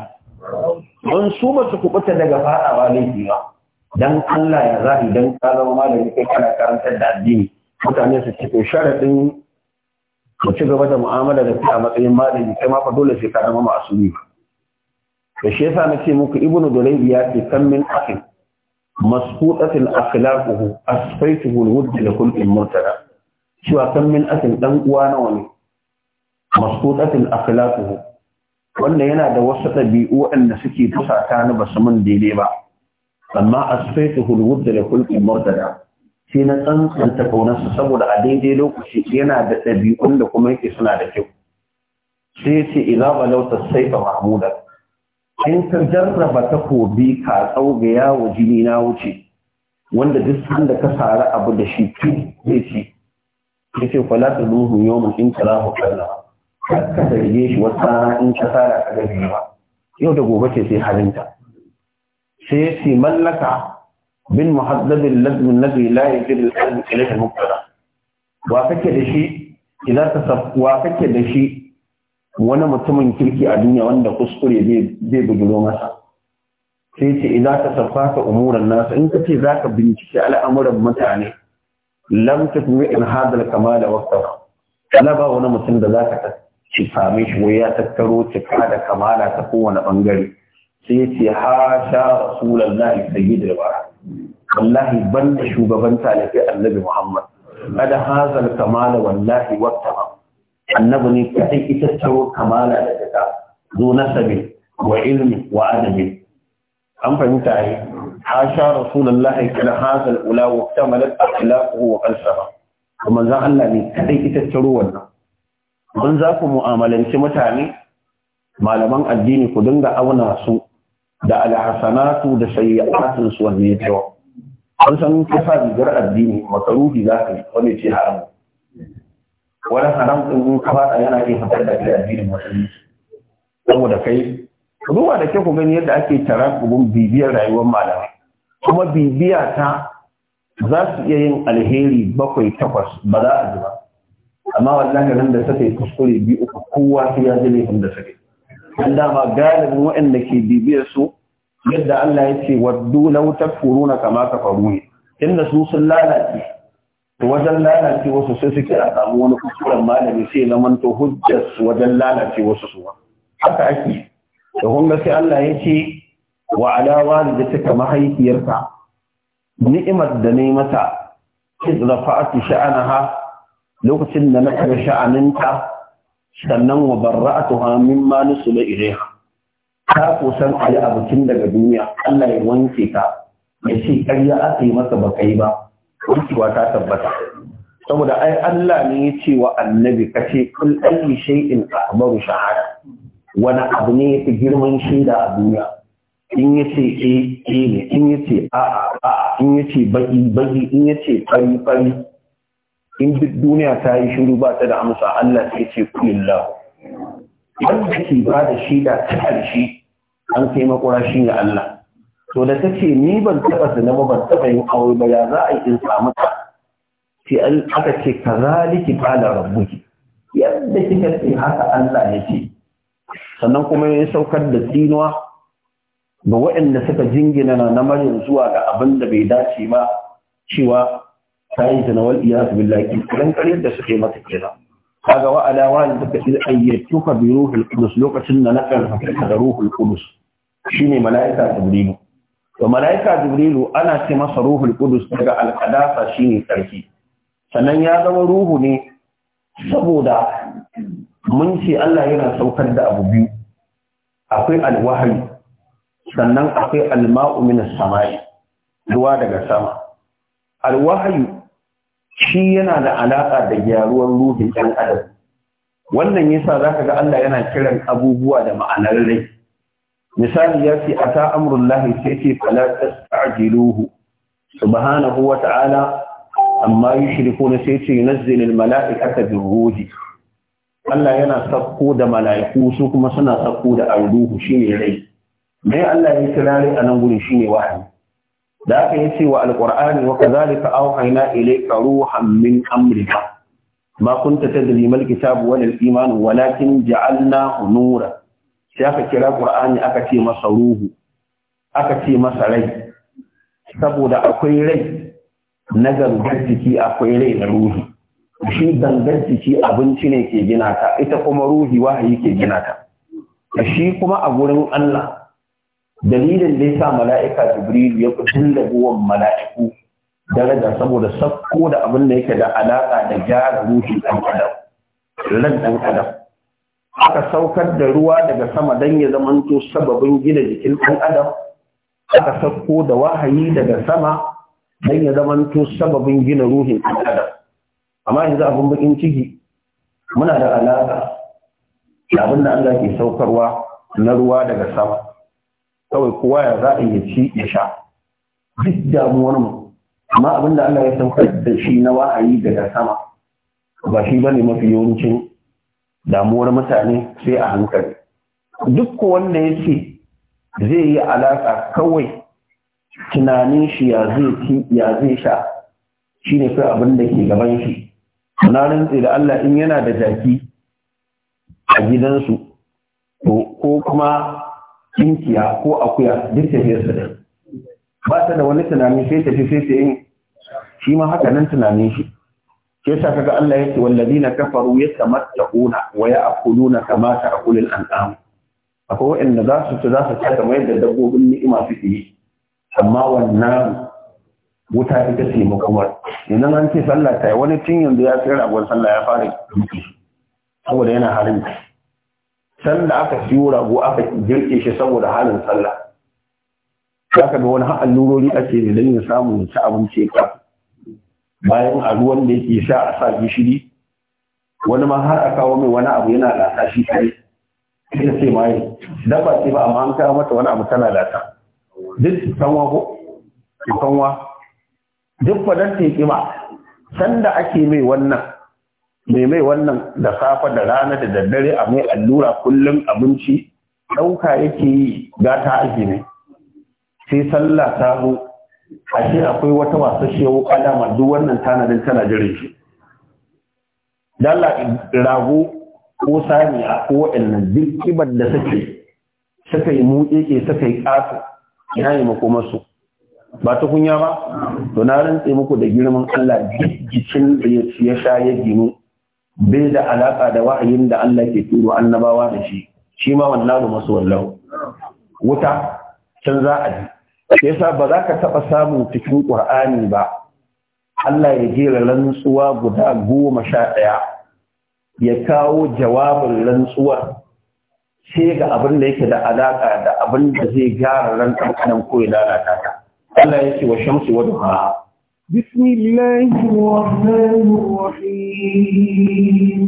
don su ba su kubuta daga faɗawa laifi ba dan Allah ya za don ka zama malami kai kana karantar da addini mutane su ce to mu ci gaba da mu'amala da kai a matsayin malami kai ma fa dole sai ka zama ma'asumi to shi yasa nace muku ibnu dulaybi ya ce kan min akin masqutatil akhlaquhu asfaytuhu alwudd li kulli murtada cewa kan min akin dan uwa nawa ne masqutatil akhlaquhu wanda yana da wasu ɗabi'u waɗanda suke tusata ni ba su mun daidai ba amma asfaitu hulwud da kulkin murtada sai na tsantsanta kaunarsa saboda a daidai lokaci yana da ɗabi'un da kuma yake suna da kyau sai ce idza sai saifa mahmuda in ka jarraba takobi ka tsaugaya wa jini na wuce wanda duk sanda ka sara abu da shi ki zai ci yace fala taduhu yawmin in tarahu kana ka zarge shi wata in ka sara ka gani ba yau da gobe ce sai halinta sai ya mallaka bin muhaddabin lazmin nabi la wa kake da shi idan ta wa kake da shi wani mutumin kirki a duniya wanda kuskure zai bugiro masa sai ce idan ta safaka umuran nasa in kace zaka bincike al'amuran mutane lam tatmi in hadal kamal waqtahu kana ba wani mutum da zaka ka ci same shi wai ya tattaro cika da kamala ta kowane bangare sai ya ce ha sha rasulullahi yi bara wallahi ban da shugaban talibai annabi muhammad kada hazal kamala wallahi wattama annabi ne kadai ita taro kamala da daga zo na nasabi wa ilmi wa adabi an fahimta yi ha sha rasulullahi kada hazal ula wa kamalat akhlaquhu wa qalsafa kuma zan Allah ne kadai ita taro wannan mun za ku mu'amalanci mutane malaman addini ku dinga auna su da alhasanatu da sayyi'atun su wanne ya tawa an san ka sa rigar addini makaruhi za ka yi wani ce haram wani haram din in ka fada yana iya fitar da kai addinin musulunci saboda kai ruwa da ke ku gani yadda ake tara gubin bibiyar rayuwar malamai kuma bibiya ta za su iya yin alheri bakwai takwas ba za a ji ba amma wallahi nan da suka yi kuskure biyu uku kowa sai ya ji laifin da suka yi dan dama galibin waɗanda ke bibiyar su yadda Allah ya ce waddu law takfuruna kama faru ne inda su sun lalace to wajen lalace wasu sai suke a samu wani kuskuren malami sai zaman to hujjar wajen lalace wasu su haka ake da kun sai Allah ya ce wa ala walidatika mahaifiyarka ni'imar da ne mata iz rafa'ati sha'anaha lokacin da na kare sha'aninta sannan wa barra'atuha mimma nusila ilayha ka kusan ayi abu daga duniya Allah ya wanke ka ya ce ƙarya aka yi masa ba kai ba wancewa ta tabbata saboda ai Allah ne ya ce wa annabi ka ce kul ayi shay'in akbaru shahada wani abu ne ya fi girman shaida a duniya in ya ce eh eh ne in ya ce a'a a'a in ya ce baki baki in ya ce fari fari in duk duniya ta yi shiru ba ta da amsa Allah sai ce kulillah wanda ke ba da shida ta ƙarshe an kai makurashi shi ne Allah to da ta ce ni ban taɓa zina ban taɓa yin aure ba ya za a yi in samu ta sai an aka ce ka zaliki ƙala rabbuki yadda kika ce haka Allah ya ce sannan kuma ya saukar da tsinuwa ga waɗanda suka jingina na na zuwa ga abin da bai dace ba cewa ta yi zina wal iyaz billahi kiran karyar da suke mata kenan kaga wa ala wa da take da ayyatu ka bi ruhul qudus lokacin da na karfafa da ruhul qudus shine malaika jibrilu to malaika jibrilu ana ce masa ruhul qudus daga al-qadasa shine sarki sannan ya zama ruhu ne saboda mun ce Allah yana saukar da abu biyu akwai alwahayi sannan akwai alma'u min samai ruwa daga sama alwahayi shi yana da alaƙa da gyaruwar ruhin ɗan adam wannan yasa za ka ga Allah yana kiran abubuwa da ma'anar rai misali ya ce a amrullahi sai ce fala tasta'jiluhu subhanahu wa ta'ala amma na sai ce yunazzilul mala'ikata birruhi Allah yana sakko da mala'iku su kuma suna sakko da arduhu shine rai dai Allah ya kira rai a nan gurin shine wahayi da aka yi cewa alƙur'ani wa kazalika auhayna ilayka ruhan min amrika ma kunta tadri mal kitab wal iman walakin ja'alnahu nura sai aka kira qur'ani aka ce masa ruhu aka ce masa rai saboda akwai rai na gangar jiki akwai rai na ruhi shi gangar jiki abinci ne ke gina ta ita kuma ruhi wahayi ke gina ta shi kuma a gurin Allah dalilin da ya sa mala'ika jibrilu ya kudin buwan mala'iku daraja saboda sakko da abin da yake da alaƙa da gyara ruhin ɗan adam ran ɗan adam aka saukar da ruwa daga sama don ya to sababin gina jikin ɗan adam aka sakko da wahayi daga sama don ya to sababin gina ruhin ɗan adam amma yanzu abin bakin ciki muna da alaƙa da abin da Allah ke saukarwa na ruwa daga sama kawai kowa ya za a yi ci ya sha duk damuwar mu amma abin Allah ya saukar da shi na wa'ayi daga sama ba shi bane mafi yawancin damuwar mutane sai a hankali duk wanda ya ce zai yi alaka kawai tunanin shi ya zai ci ya zai sha shi ne kai abin da ke gaban shi na rantse da Allah in yana da jaki a gidansu ko kuma kinkiya ko akuya duk tafiyarsa da ba ta da wani tunani sai tafi sai ta yin shi ma haka nan tunanin shi ke sa kaga Allah yake na kafaru yatamatta'una wa waya kama ta'kulu na anam akwai wanda za su ci za su ci kamar yadda dabbobin ni'ima suke yi amma wannan wuta ita ce makamar idan an ce sallah ta wani tun yanzu ya tsira ragon sallah ya fara duki saboda yana harin Sanda aka siyo rago aka girke shi saboda halin sallah Saka ga wani allurori ake ne don ya samu ci abinci ka bayan a ruwan da yake sha a sa gishiri wani ma har a kawo mai wani abu yana lata shi kai sai sai ma yi dabba ce ba amma an kawo mata wani abu tana lata duk sanwa ko sanwa duk fadar teƙi ba sanda ake mai wannan mai mai wannan da safa da rana da daddare a mai allura kullum abinci ɗauka yake yi gata ake ne sai sallah ta zo ashe akwai wata wasu shewu kalama duk wannan tanadin tana jirin shi dalla rago ko sami a ko duk kibar da suke suka yi ke suka yi ƙasa ya yi makomarsu ba ta kunya ba to na rantse muku da girman Allah duk jikin da ya sha ya ginu bai da alaka da wa'ayin da Allah ke turo annabawa da shi shi ma wallahu masu wallahu wuta can za a ji sai yasa ba za ka taɓa samun cikin ƙur'ani ba Allah ya jera rantsuwa guda goma sha ɗaya ya kawo jawabin rantsuwar sai ga abin da yake da alaƙa da abin da zai gyara ran ɗan ko lalata ta Allah ya ce wa shamsu wa duha بسم الله الرحمن الرحيم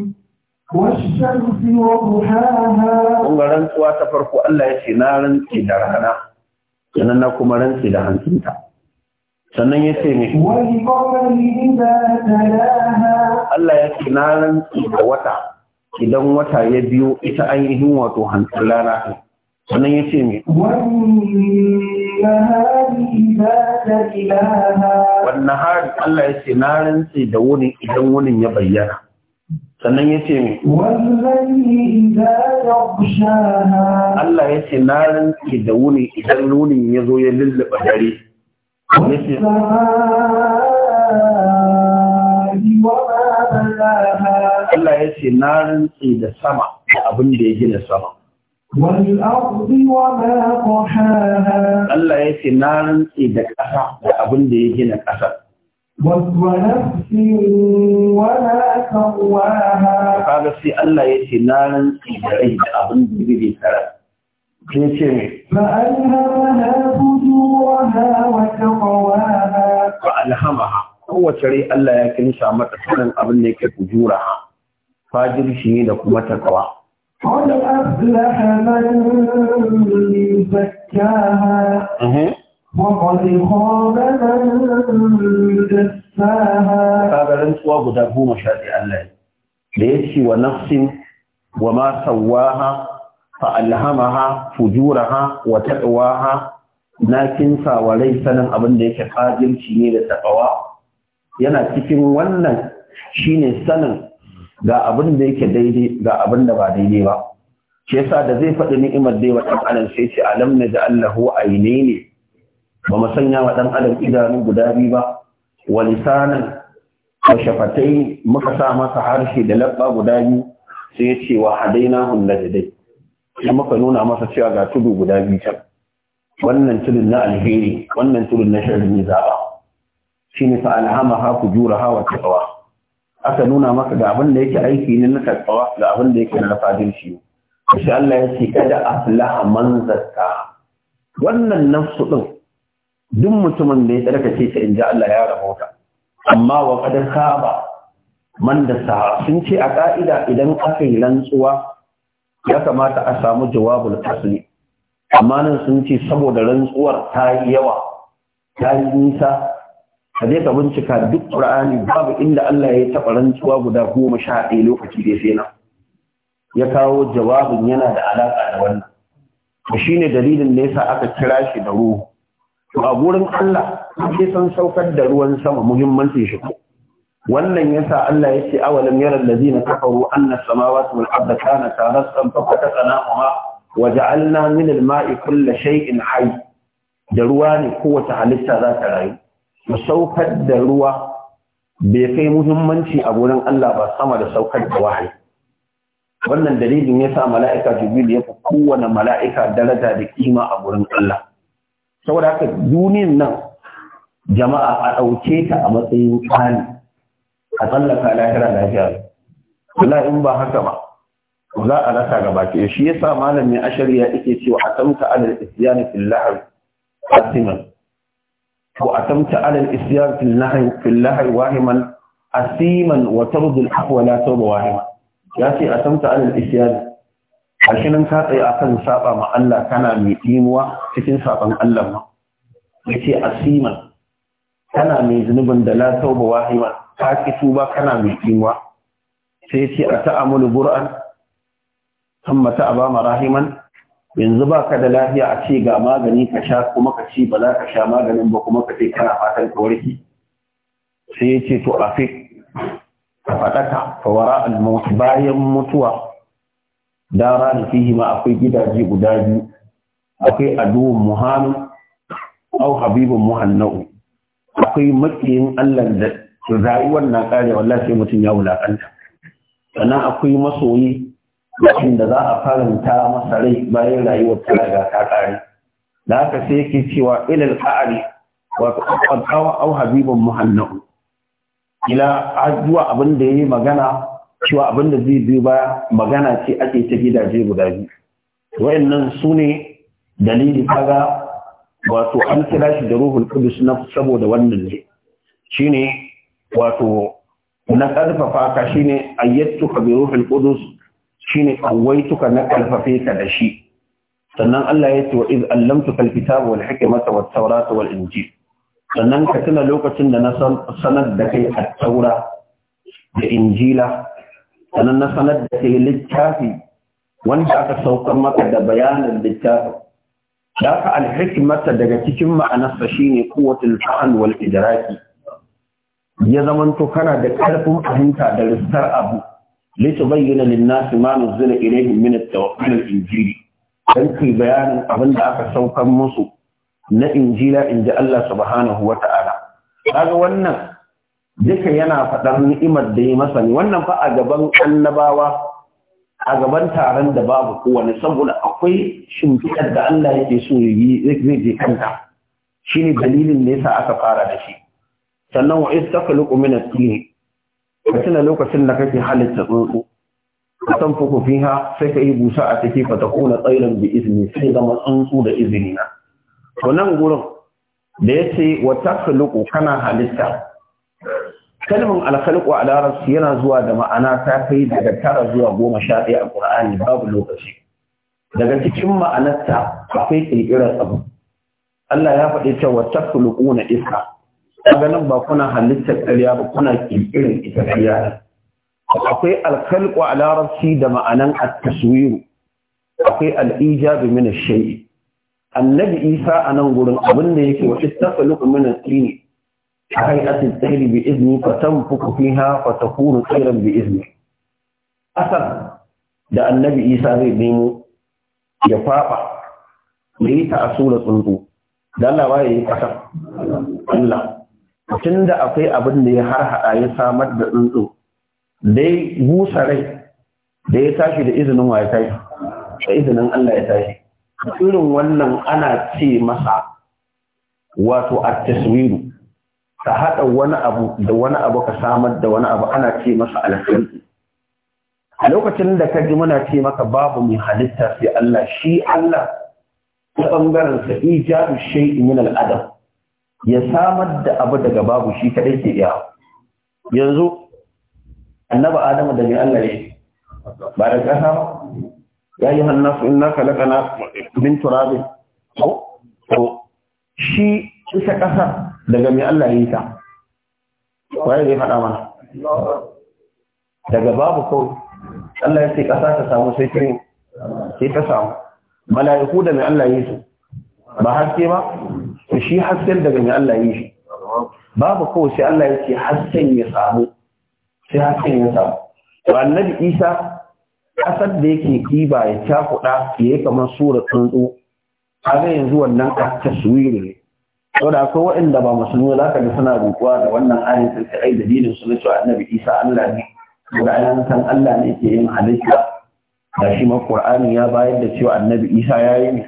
والشمس وضحاها ومرن سوا تفرقوا الله يشي نارن sannan na kuma rantsi da hancinta sannan ya ce mai Allah ya ce na rantsi da wata idan wata ya biyo ita ainihin wato hantsin rana sannan ya ce mai wannan hari Allah ya ce na rantse da wunin idan wunin ya bayyana sannan ya ce mai Allah ya ce na rantse da wunin idan wunin ya zo ya lullaba dare Allah ya ce na rantse da sama da abin da ya gina sama Allah ya ce na rantse da ƙasa da abin da ya gina ƙasa. Kaga sai Allah ya ce na rantse da rai da abin da ya gina ƙasa. Ya ce ne. Ba alhamaha. Kowace rai Allah ya kinsa mata sanin abin da yake kujura ha. Fajirshi ne da kuma takawa. قد أفلح من زكاها وقد خاب من دساها هذا رنسوا قد أبو مشاهد الله ليش ونفس وما سواها فألهمها فجورها وتقواها na kinsa wa rai sanin abin da yake fajirci ne da taɓawa yana cikin wannan shine sanin ga abin da yake daidai ga abin da ba daidai ba shi yasa da zai faɗi ni'imar dai wa ɗan adam sai ce alam na ji allahu aine ne ba mu sanya wa ɗan adam idanu guda biyu ba wa lisanan wa shafatai muka sa masa harshe da labba guda biyu sai ya ce wa hadaina hun dai sai muka nuna masa cewa ga tudu guda biyu can wannan tudun na alheri wannan tudun na sharri zaɓa shine fa alhamaha ha wa tsawa aka nuna maka ga abin da yake aiki ne na takawa ga abin da yake na fadin shi shi Allah ya ce kada aflaha man zakka wannan nafsu din duk mutumin da ya tsarkace ta inji Allah ya rahota amma wa qad khaba man da sa sun ce a ka'ida idan aka yi rantsuwa ya kamata a samu jawabul asli amma nan sun ce saboda rantsuwar ta yi yawa ta yi nisa ka je ka bincika duk qur'ani babu inda Allah ya taɓa rantsuwa guda goma sha ɗaya lokaci da sai nan ya kawo jawabin yana da alaƙa da wannan da shi ne dalilin da yasa aka kira shi da ruhu to a gurin Allah sai san saukar da ruwan sama muhimmancin shi ko wannan yasa Allah ya ce awalam yara allazina kafaru anna samawati wal arda kanata rasan fa fataqnahuma wa ja'alna min al-ma'i kulli shay'in hayy da ruwa ne kowace halitta za ta rayu mu saukar da ruwa bai kai muhimmanci a gurin Allah ba sama da saukar da wahayi wannan dalilin ya sa mala'ika jibril ya fi kowane mala'ika daraja da kima a gurin Allah saboda haka duniyan nan jama'a a ɗauke ta a matsayin tsani a tsallaka lahira lafiya kula in ba haka ba za a rasa gaba ke shi yasa malamin ashariya yake cewa a tamka alal isyani fil lahr asiman واتمت على الاسيار في النهي في الله واهما اسيما وترد الحق ولا ترد واهما يا سي اتمت على الاسيار عشان ان كاتي اكن سابا ما الله كان ميتيموا cikin sakon Allah ma yace asiman kana mai zunubin da la tauba wahima ka ki tuba kana mai kimwa sai yace ata amul qur'an thumma bama rahiman yanzu ba ka da lafiya a ce ga magani ka sha kuma ka ci ba za ka sha maganin ba kuma ka ce kana fatan ka warke sai ya ce to a fi ka faɗaka fawara wara almoti bayan mutuwa dara da fihi ma akwai gidaje guda biyu akwai aduwan muhammad au habibun muhannau akwai makiyin allah da rayuwar na kare wallahi sai mutum ya wulakanta sannan akwai masoyi lokacin da za a faranta masa rai bayan rayuwar ta daga ta da haka sai yake cewa ilal qa'ari wa qad au aw habibun muhanna'u ila azuwa abin da yayi magana cewa abin da zai biyo baya magana ce ake ta gidaje guda biyu wayannan sune dalili kaga wato an kira shi da ruhul qudus na saboda wannan ne shine wato na ƙarfafa ka shine ayyatu bi ruhul qudus shine awaituka na kalfafe ka da shi sannan Allah ya ce wa iz allamtuka alkitaba wal hikmata wat tawrata wal injil sannan ka tuna lokacin da na sanar da kai at-taura da injila sannan na sanar da kai littafi wanda aka saukar maka da bayanin littafi. da aka daga cikin ma'anarsa shine quwwatul fa'al wal idraki ya zamanto kana da karfin fahimta da ristar abu litubayyana lin-nasi ma nuzila ilayhim min at-tawakkul al-injili dan kai bayanin abin da aka saukar musu na injila Inji Allah subhanahu wa ta'ala wannan duka yana faɗar ni'imar da ya masa ne wannan fa a gaban annabawa a gaban taron da babu kowane saboda akwai shimfiɗar da Allah yake so yi zai je kanta shine dalilin da yasa aka fara da shi sannan wa istaqalu min at-tin ka tuna lokacin da kake halitta tsuntsu ka san fuku fiha sai ka yi busa a ciki fa ta kuna tsairan bi izini sai zama tsuntsu da izini na to nan gurin da ya ce wa takhluqu kana halitta kalmin alkhalqu a larabci yana zuwa da ma'ana ta kai daga tara zuwa goma sha ɗaya a ƙur'ani babu lokaci daga cikin ma'anarta akwai ƙirƙirar abu Allah ya faɗi cewa takhluquna iska ganin ba kuna halittar ƙarya ba kuna ƙirƙirin ita ƙarya akwai alkalƙo a larabci da ma'anan at-taswiru akwai al'ija ijabu min shayi annabi isa a nan gurin abin da yake wa istaqalu min at A kai at-tahri bi izni fa tanfuku fiha ta takunu tsirin bi izni asar da annabi isa zai nemo ya faɓa. da yi ta da tsuntsu dan Allah ya yi kasar Allah tun da akwai abin da ya harhaɗa ya samar da tsuntsu dai ya busa rai da ya tashi da izinin wa ya tashi da izinin Allah ya tashi irin wannan ana ce masa wato a taswiru ka haɗa wani abu da wani abu ka samar da wani abu ana ce masa alkhalqi a lokacin da ka ji muna ce maka babu mai halitta sai Allah shi Allah ta ɓangaren sa ijabu shay'in min al-adam ya samar da abu daga babu shi kaɗai ke iya yanzu annaba adamu da mai Allah ne ba da ƙasa ba ya yi hannasu inna na bin turabin Ko shi isa ƙasa daga mai Allah yi ta waye zai faɗa mana daga babu kawai Allah ya ce ƙasa ta samu sai kirin sai ta samu mala'iku da mai Allah yi su ba haske ba to shi hasken daga mai Allah yi shi babu kawai sai Allah yake hasken ya samu sai hasken ya samu to annabi Isa kasar da yake kiba ya cakuɗa ya yi kamar sura tsuntsu ga yanzu wannan a taswiri ne saboda akwai waɗanda ba musulmi za ka ga suna rukuwa da wannan ayin sun da dalilin su na cewa annabi Isa Allah ne da ayan san Allah ne ke yin halitta da shi ma Qur'ani ya bayar da cewa annabi Isa ya yi ne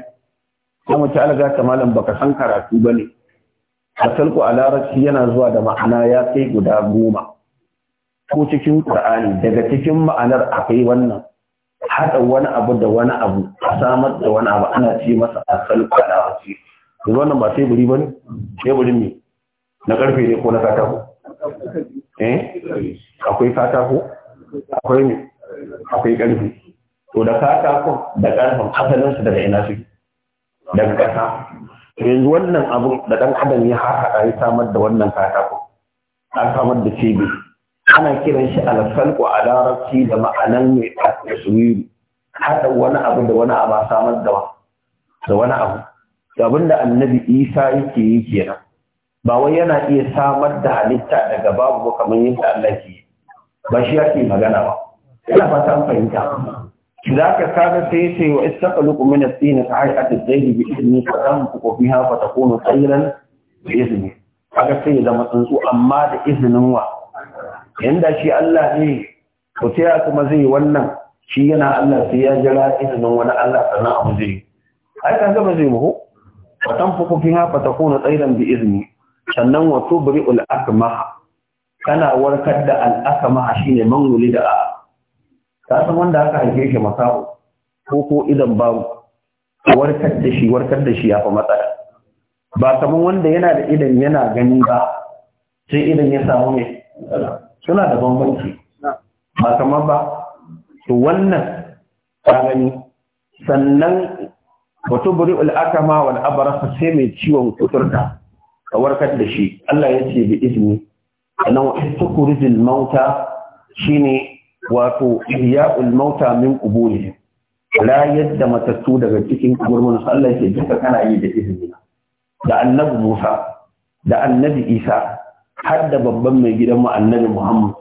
sai mu ci alaga ta malam baka san karatu ba ne asalku a larabci yana zuwa da ma'ana ya kai guda goma ko cikin qur'ani daga cikin ma'anar akwai wannan haɗa wani abu da wani abu a samar da wani abu ana ce masa asalku a larabci yanzu wannan ba sai buri ba ne sai buri ne na karfe ne ko na katako eh akwai katako akwai ne akwai ƙarfe. to da katakon da karfin asalin su daga ina suke dan kasa yanzu wannan abu da dan adam ya haɗa ya samar da wannan katako an samar da cibi ana kiran shi alfalqu a larabci da ma'anan mai taswiri haɗa wani abu da wani abu samar da da wani abu da abinda annabi isa yake yi kenan ba wai yana iya samar da halitta daga babu kamar yadda Allah ke ba shi yake magana ba ina fata an fahimta ذاك كان سيسي واستقلق من الدين كهيئة الزيد بإذني فتنفق بها فتكون طيرا بإذني haka sai ya zama tsuntsu amma da izinin wa inda shi Allah ne ko sai kuma zai wannan shi yana Allah sai ya jira izinin wani Allah sannan abu zai ai kan ga ba zai muhu fa tanfuku fiha fa takunu tsairan bi izini, sannan wa tubri'ul akmah kana warkar da al akmah shine man wulida a ka san wanda aka haife shi masa'u ko ko idan ba warkar da shi warkar da shi ya fa matsala ba kaman wanda yana da idan yana gani ba sai idan ya samu mai suna da bambanci ba kaman ba to wannan ka gani sannan wato buri al'akama wal abrasa sai mai ciwon kuturta ka warkar da shi Allah ya ce bi izini sannan wa istakurijil mauta shine wato ihya'ul mauta min qubuli la yadda matattu daga cikin kaburman su Allah yake duka kana yi da izini da annabi Musa da annabi Isa har da babban mai gidan mu annabi Muhammad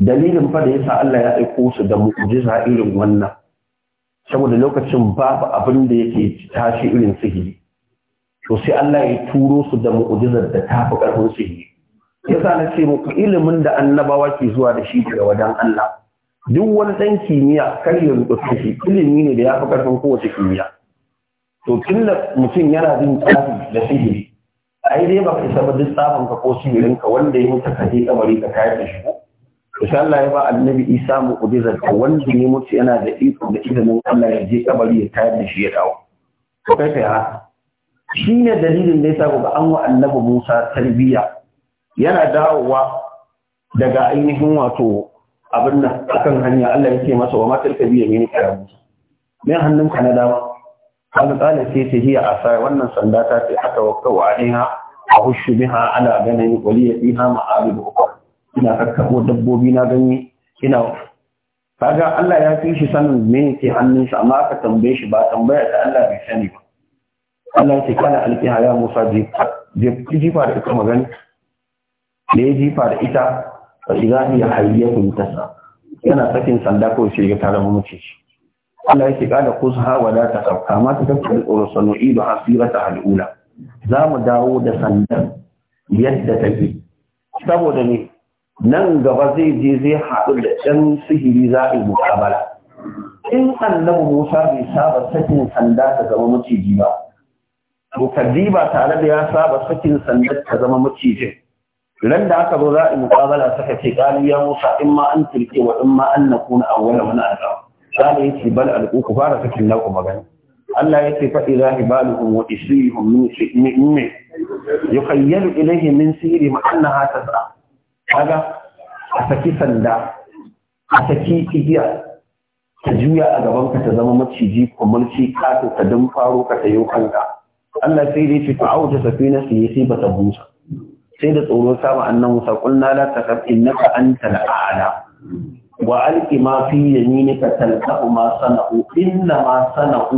dalilin fa da yasa Allah ya aiko su da mu'jiza irin wannan saboda lokacin babu abin da yake tashi irin sihiri to sai Allah ya turo su da mu'jizar da ta fi karfin sihiri yasa na ce muku ilimin da annabawa ke zuwa da shi daga wajen Allah duk wani ɗan kimiyya kar ya rubuta shi ilimi ne da ya fi ƙarfin kowace kimiyya to tunda mutum yana jin tsafi da sihiri ai dai ba ka isa ba duk tsafin ka ko sihirin ka wanda ya mutu ka je kamari ka kayar da shi insha Allah ya ba annabi Isa mu mu'jizar ka wanda ya mutu yana da iko da ilimin Allah ya je kabari ya kayar da shi ya dawo to kai kai ha ne dalilin da ya yasa ga an wa annabi Musa tarbiyya yana dawowa daga ainihin wato abin nan akan hanya Allah yake masa wa matar ka biya mini karamu mai hannunka na dama an tsala sai ta hiya sai wannan sanda ta ce aka wakka wa alaiha a hushu biha ala ganin waliya biha ma'arib ukra ina kakkabo dabbobi na ganye ina kaga Allah ya fi shi sanin me ke hannun shi amma aka tambaye shi ba tambaya ta Allah bai sani ba Allah ya ce kana alkiha ya Musa jifa jifa da ita magana da ya jifa da ita ba shiga iya hayyakun tasa yana sakin sanda ko sai ya tara mace shi Allah yake kada ku su hawa da ta sauka ma ta tafi ido a da hasirata al'ula za mu dawo da sandan yadda ta take saboda ne nan gaba zai je zai haɗu da ɗan sihiri za a yi mukabala in annabi Musa bai saba sakin sanda ta zama maciji ba to kadiba tare da ya saba sakin sanda ta zama macijin ran da aka zo za a yi muƙabala saka ce kariya ya musa in ma an tilke wa in ma an na kuna a wani wani alƙawa ya ce bal alƙu fara sakin na magana Allah ya ce faɗi za ki wa isirihun min me yukayyalu ilaihi min sihiri ma an na hata sa kaga a saki sanda a saki igiya ta juya a gaban ka ta zama maciji ko mulki kato ka dan faro ka tayo kanka Allah sai dai ta fa'auja safina sai sai bata busa sai da tsoro sama annan musa qulna la na innaka antal a'la wa alqi ma fi yaminika ma sana'u inna ma sana'u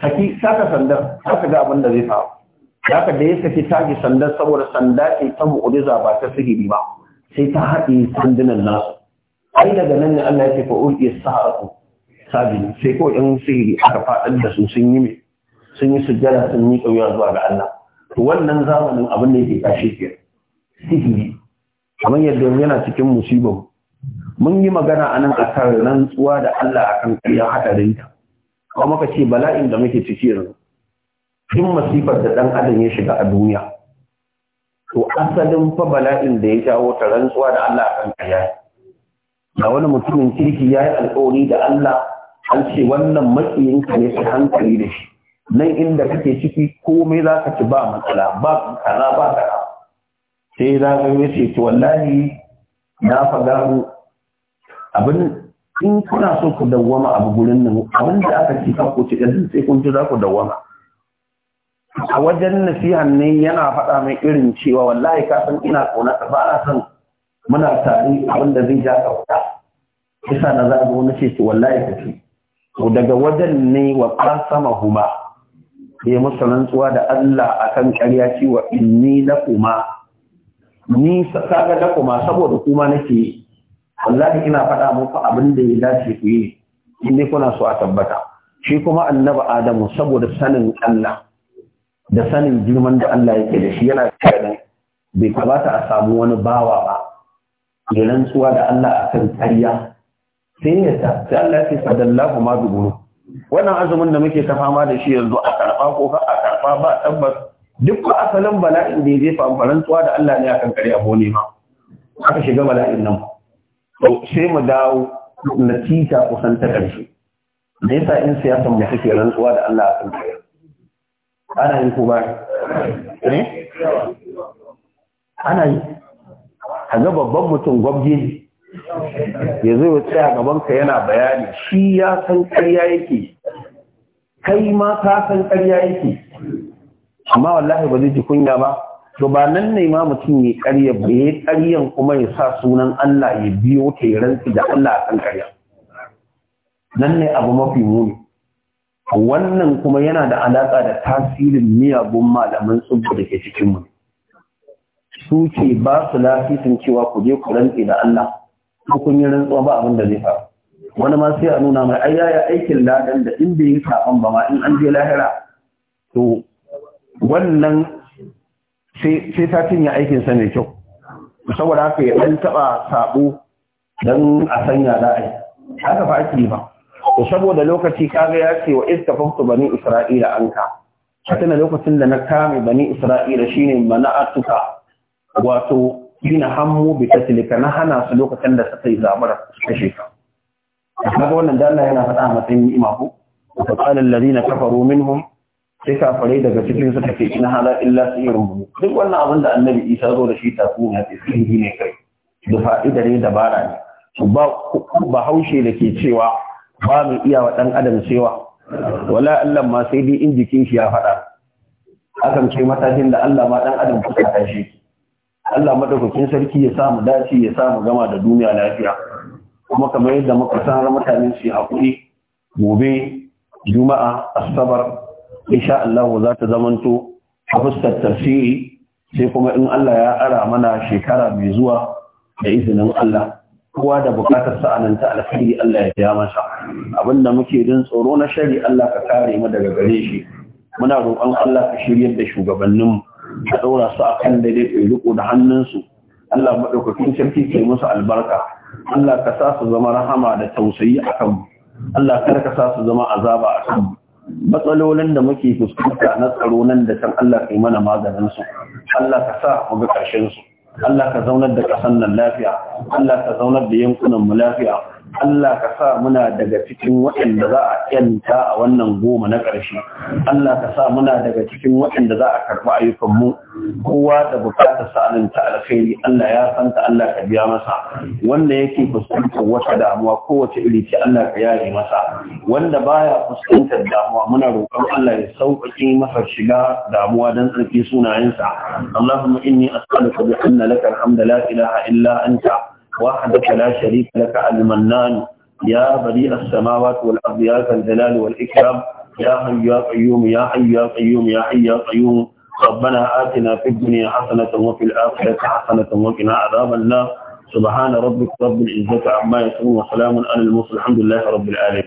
saki saka sandar saka ga abin da zai faru saka da ya saki taki sandar saboda sanda ce ta mu'udiza ba ta sihiri ba sai ta haɗe sandunan nasu ai daga nan ne Allah ya ce fa ulqi saharatu sabin sai ko in sihiri aka faɗar da su sun yi sun yi sujjada sun yi kauya zuwa ga Allah to wannan zamanin abin da yake kashe ke sihiri kamar yadda yana cikin musiba mun yi magana a nan a nan rantsuwa da Allah a kan ƙaryar haɗarinta kuma muka ce bala'in da muke ciki yanzu in masifar da ɗan adam ya shiga a duniya to asalin fa bala'in da ya jawo ta rantsuwa da Allah a kan ƙarya ga wani mutumin kirki ya yi alƙawari da Allah an ce wannan matsiyinka ne su hankali da shi nan inda kake ciki komai za ka ci ba matsala ba kaza ba kaza sai za ka yi ce wallahi na faɗa mu abin in kuna so ku dawwama abu gurin nan abin da aka ci ka ku ci ɗan sai kun ji za ku dawwama a wajen nasihan ne yana faɗa mai irin cewa wallahi ka san ina ƙona ba na san muna tare abin da zai ja kauta isa na za a na ce wallahi ka ce to daga wajen ne wa sama huma ya musu rantsuwa da Allah a kan ƙarya cewa ni na lakuma ni da kuma saboda kuma nake wallahi ina faɗa muku abin da ya dace ku yi in dai kuna so a tabbata shi kuma annabi Adamu saboda sanin Allah da sanin girman da Allah yake da shi yana cewa bai kamata a samu wani bawa ba ya rantsuwa da Allah a kan ƙarya sai ya ta sai Allah ya ce sadallahu ma dubu. wannan azumin da muke ta fama da shi yanzu a karɓa ko ka a karɓa ba tabbas duk ko asalin bala'in da ya jefa farantuwa da Allah ne a kankare a ne ma aka shiga bala'in nan to sai mu dawo na natija kusan ta ƙarshe me yasa in siyasan mu suke rantsuwa da Allah a kare ana yi ku ba ne eh? ana yi a ga babban mutum gwabje Yanzu ya zo tsaya gabanka yana bayani shi ya san karya yake kai ma ka san ƙarya yake amma wallahi ba zai ji kunya ba to ba nan ne ma mutum ya ƙarya ba ya ƙaryan kuma ya sa sunan Allah ya biyo ta yi rantsi da Allah kan ƙarya nan ne abu mafi muni wannan kuma yana da alaƙa da tasirin miyagun malaman tsubba da ke mu su ce ba su lafisin cewa ku je ku rantse da Allah ko kun yi rantsuwa ba abin da zai faru wani ma sai a nuna mai ai yaya aikin ladan da in bai yi saban ba ma in an je lahira to wannan sai ta ya aikin sa mai kyau saboda haka ya dan taba sabo dan a sanya da ai haka fa ake ba to saboda lokaci kaga ya ce wa istafaftu bani isra'ila anka tana lokacin da na kame bani isra'ila shine mana'atuka wato hina hammu bi silika na hana su lokacin da suka yi zabura suka sheka kaga wannan da Allah yana faɗa matsayin mako? ko fa qala alladhina kafaru minhum sai kafarai daga cikin suka ce ina hala illa sirrun mu duk wannan abin da annabi Isa zo da shi ta kuma ce sirri ne kai da fa'ida ne dabara ne ba ba haushe da ke cewa ba mu iya wa dan adam cewa wala Allah ma sai dai in jikin shi ya faɗa akan ce matakin da Allah ma dan adam ta tashi Allah madaukakin sarki ya samu dace ya samu gama da duniya lafiya kuma kamar yadda muka sanar mutane su haƙuri gobe juma'a asabar insha Allah za ta zamanto a fuskar tafsiri sai kuma in Allah ya ara mana shekara mai zuwa da izinin Allah kowa da bukatar sa'ananta alfahari Allah ya biya masa abinda muke jin tsoro na shari Allah ka kare mu daga gare shi muna roƙon Allah ka shiryar da shugabanninmu Ka daura su a kan daidai ɗai riko da hannunsu Allah maɗaukakin sarki ke musu albarka Allah ka sa su zama rahama da tausayi a kanmu Allah kar ka sa su zama azaba a kanmu matsalolin da muke fuskanta na tsaro nan da can Allah kai mana maganin su Allah ka sa mu ga ƙarshen su Allah ka zaunar da ƙasar nan lafiya Allah ka zaunar da yankunan mu lafiya Allah ka sa muna daga cikin waɗanda za a yanta a wannan goma na ƙarshe Allah ka sa muna daga cikin waɗanda za a karɓi ayyukanmu kowa da bukatar sa'anin ta alkhairi Allah ya santa Allah ka biya masa wanda yake fuskantar wata damuwa kowace iri ce Allah ka yare masa wanda baya fuskantar damuwa muna roƙon Allah ya sauƙaƙe masa shiga damuwa don tsarki sunayensa Allahumma inni as'aluka bi anna laka alhamdu la ilaha illa anta وحدك لا شريك لك المنان يا بديع السماوات والأرض يا ذا الجلال والإكرام يا حي يا قيوم يا حي يا قيوم يا حي يا قيوم ربنا آتنا في الدنيا حسنة وفي الآخرة حسنة وقنا عذاب النار سبحان ربك رب العزة عما يصفون وسلام على المرسلين الحمد لله رب العالمين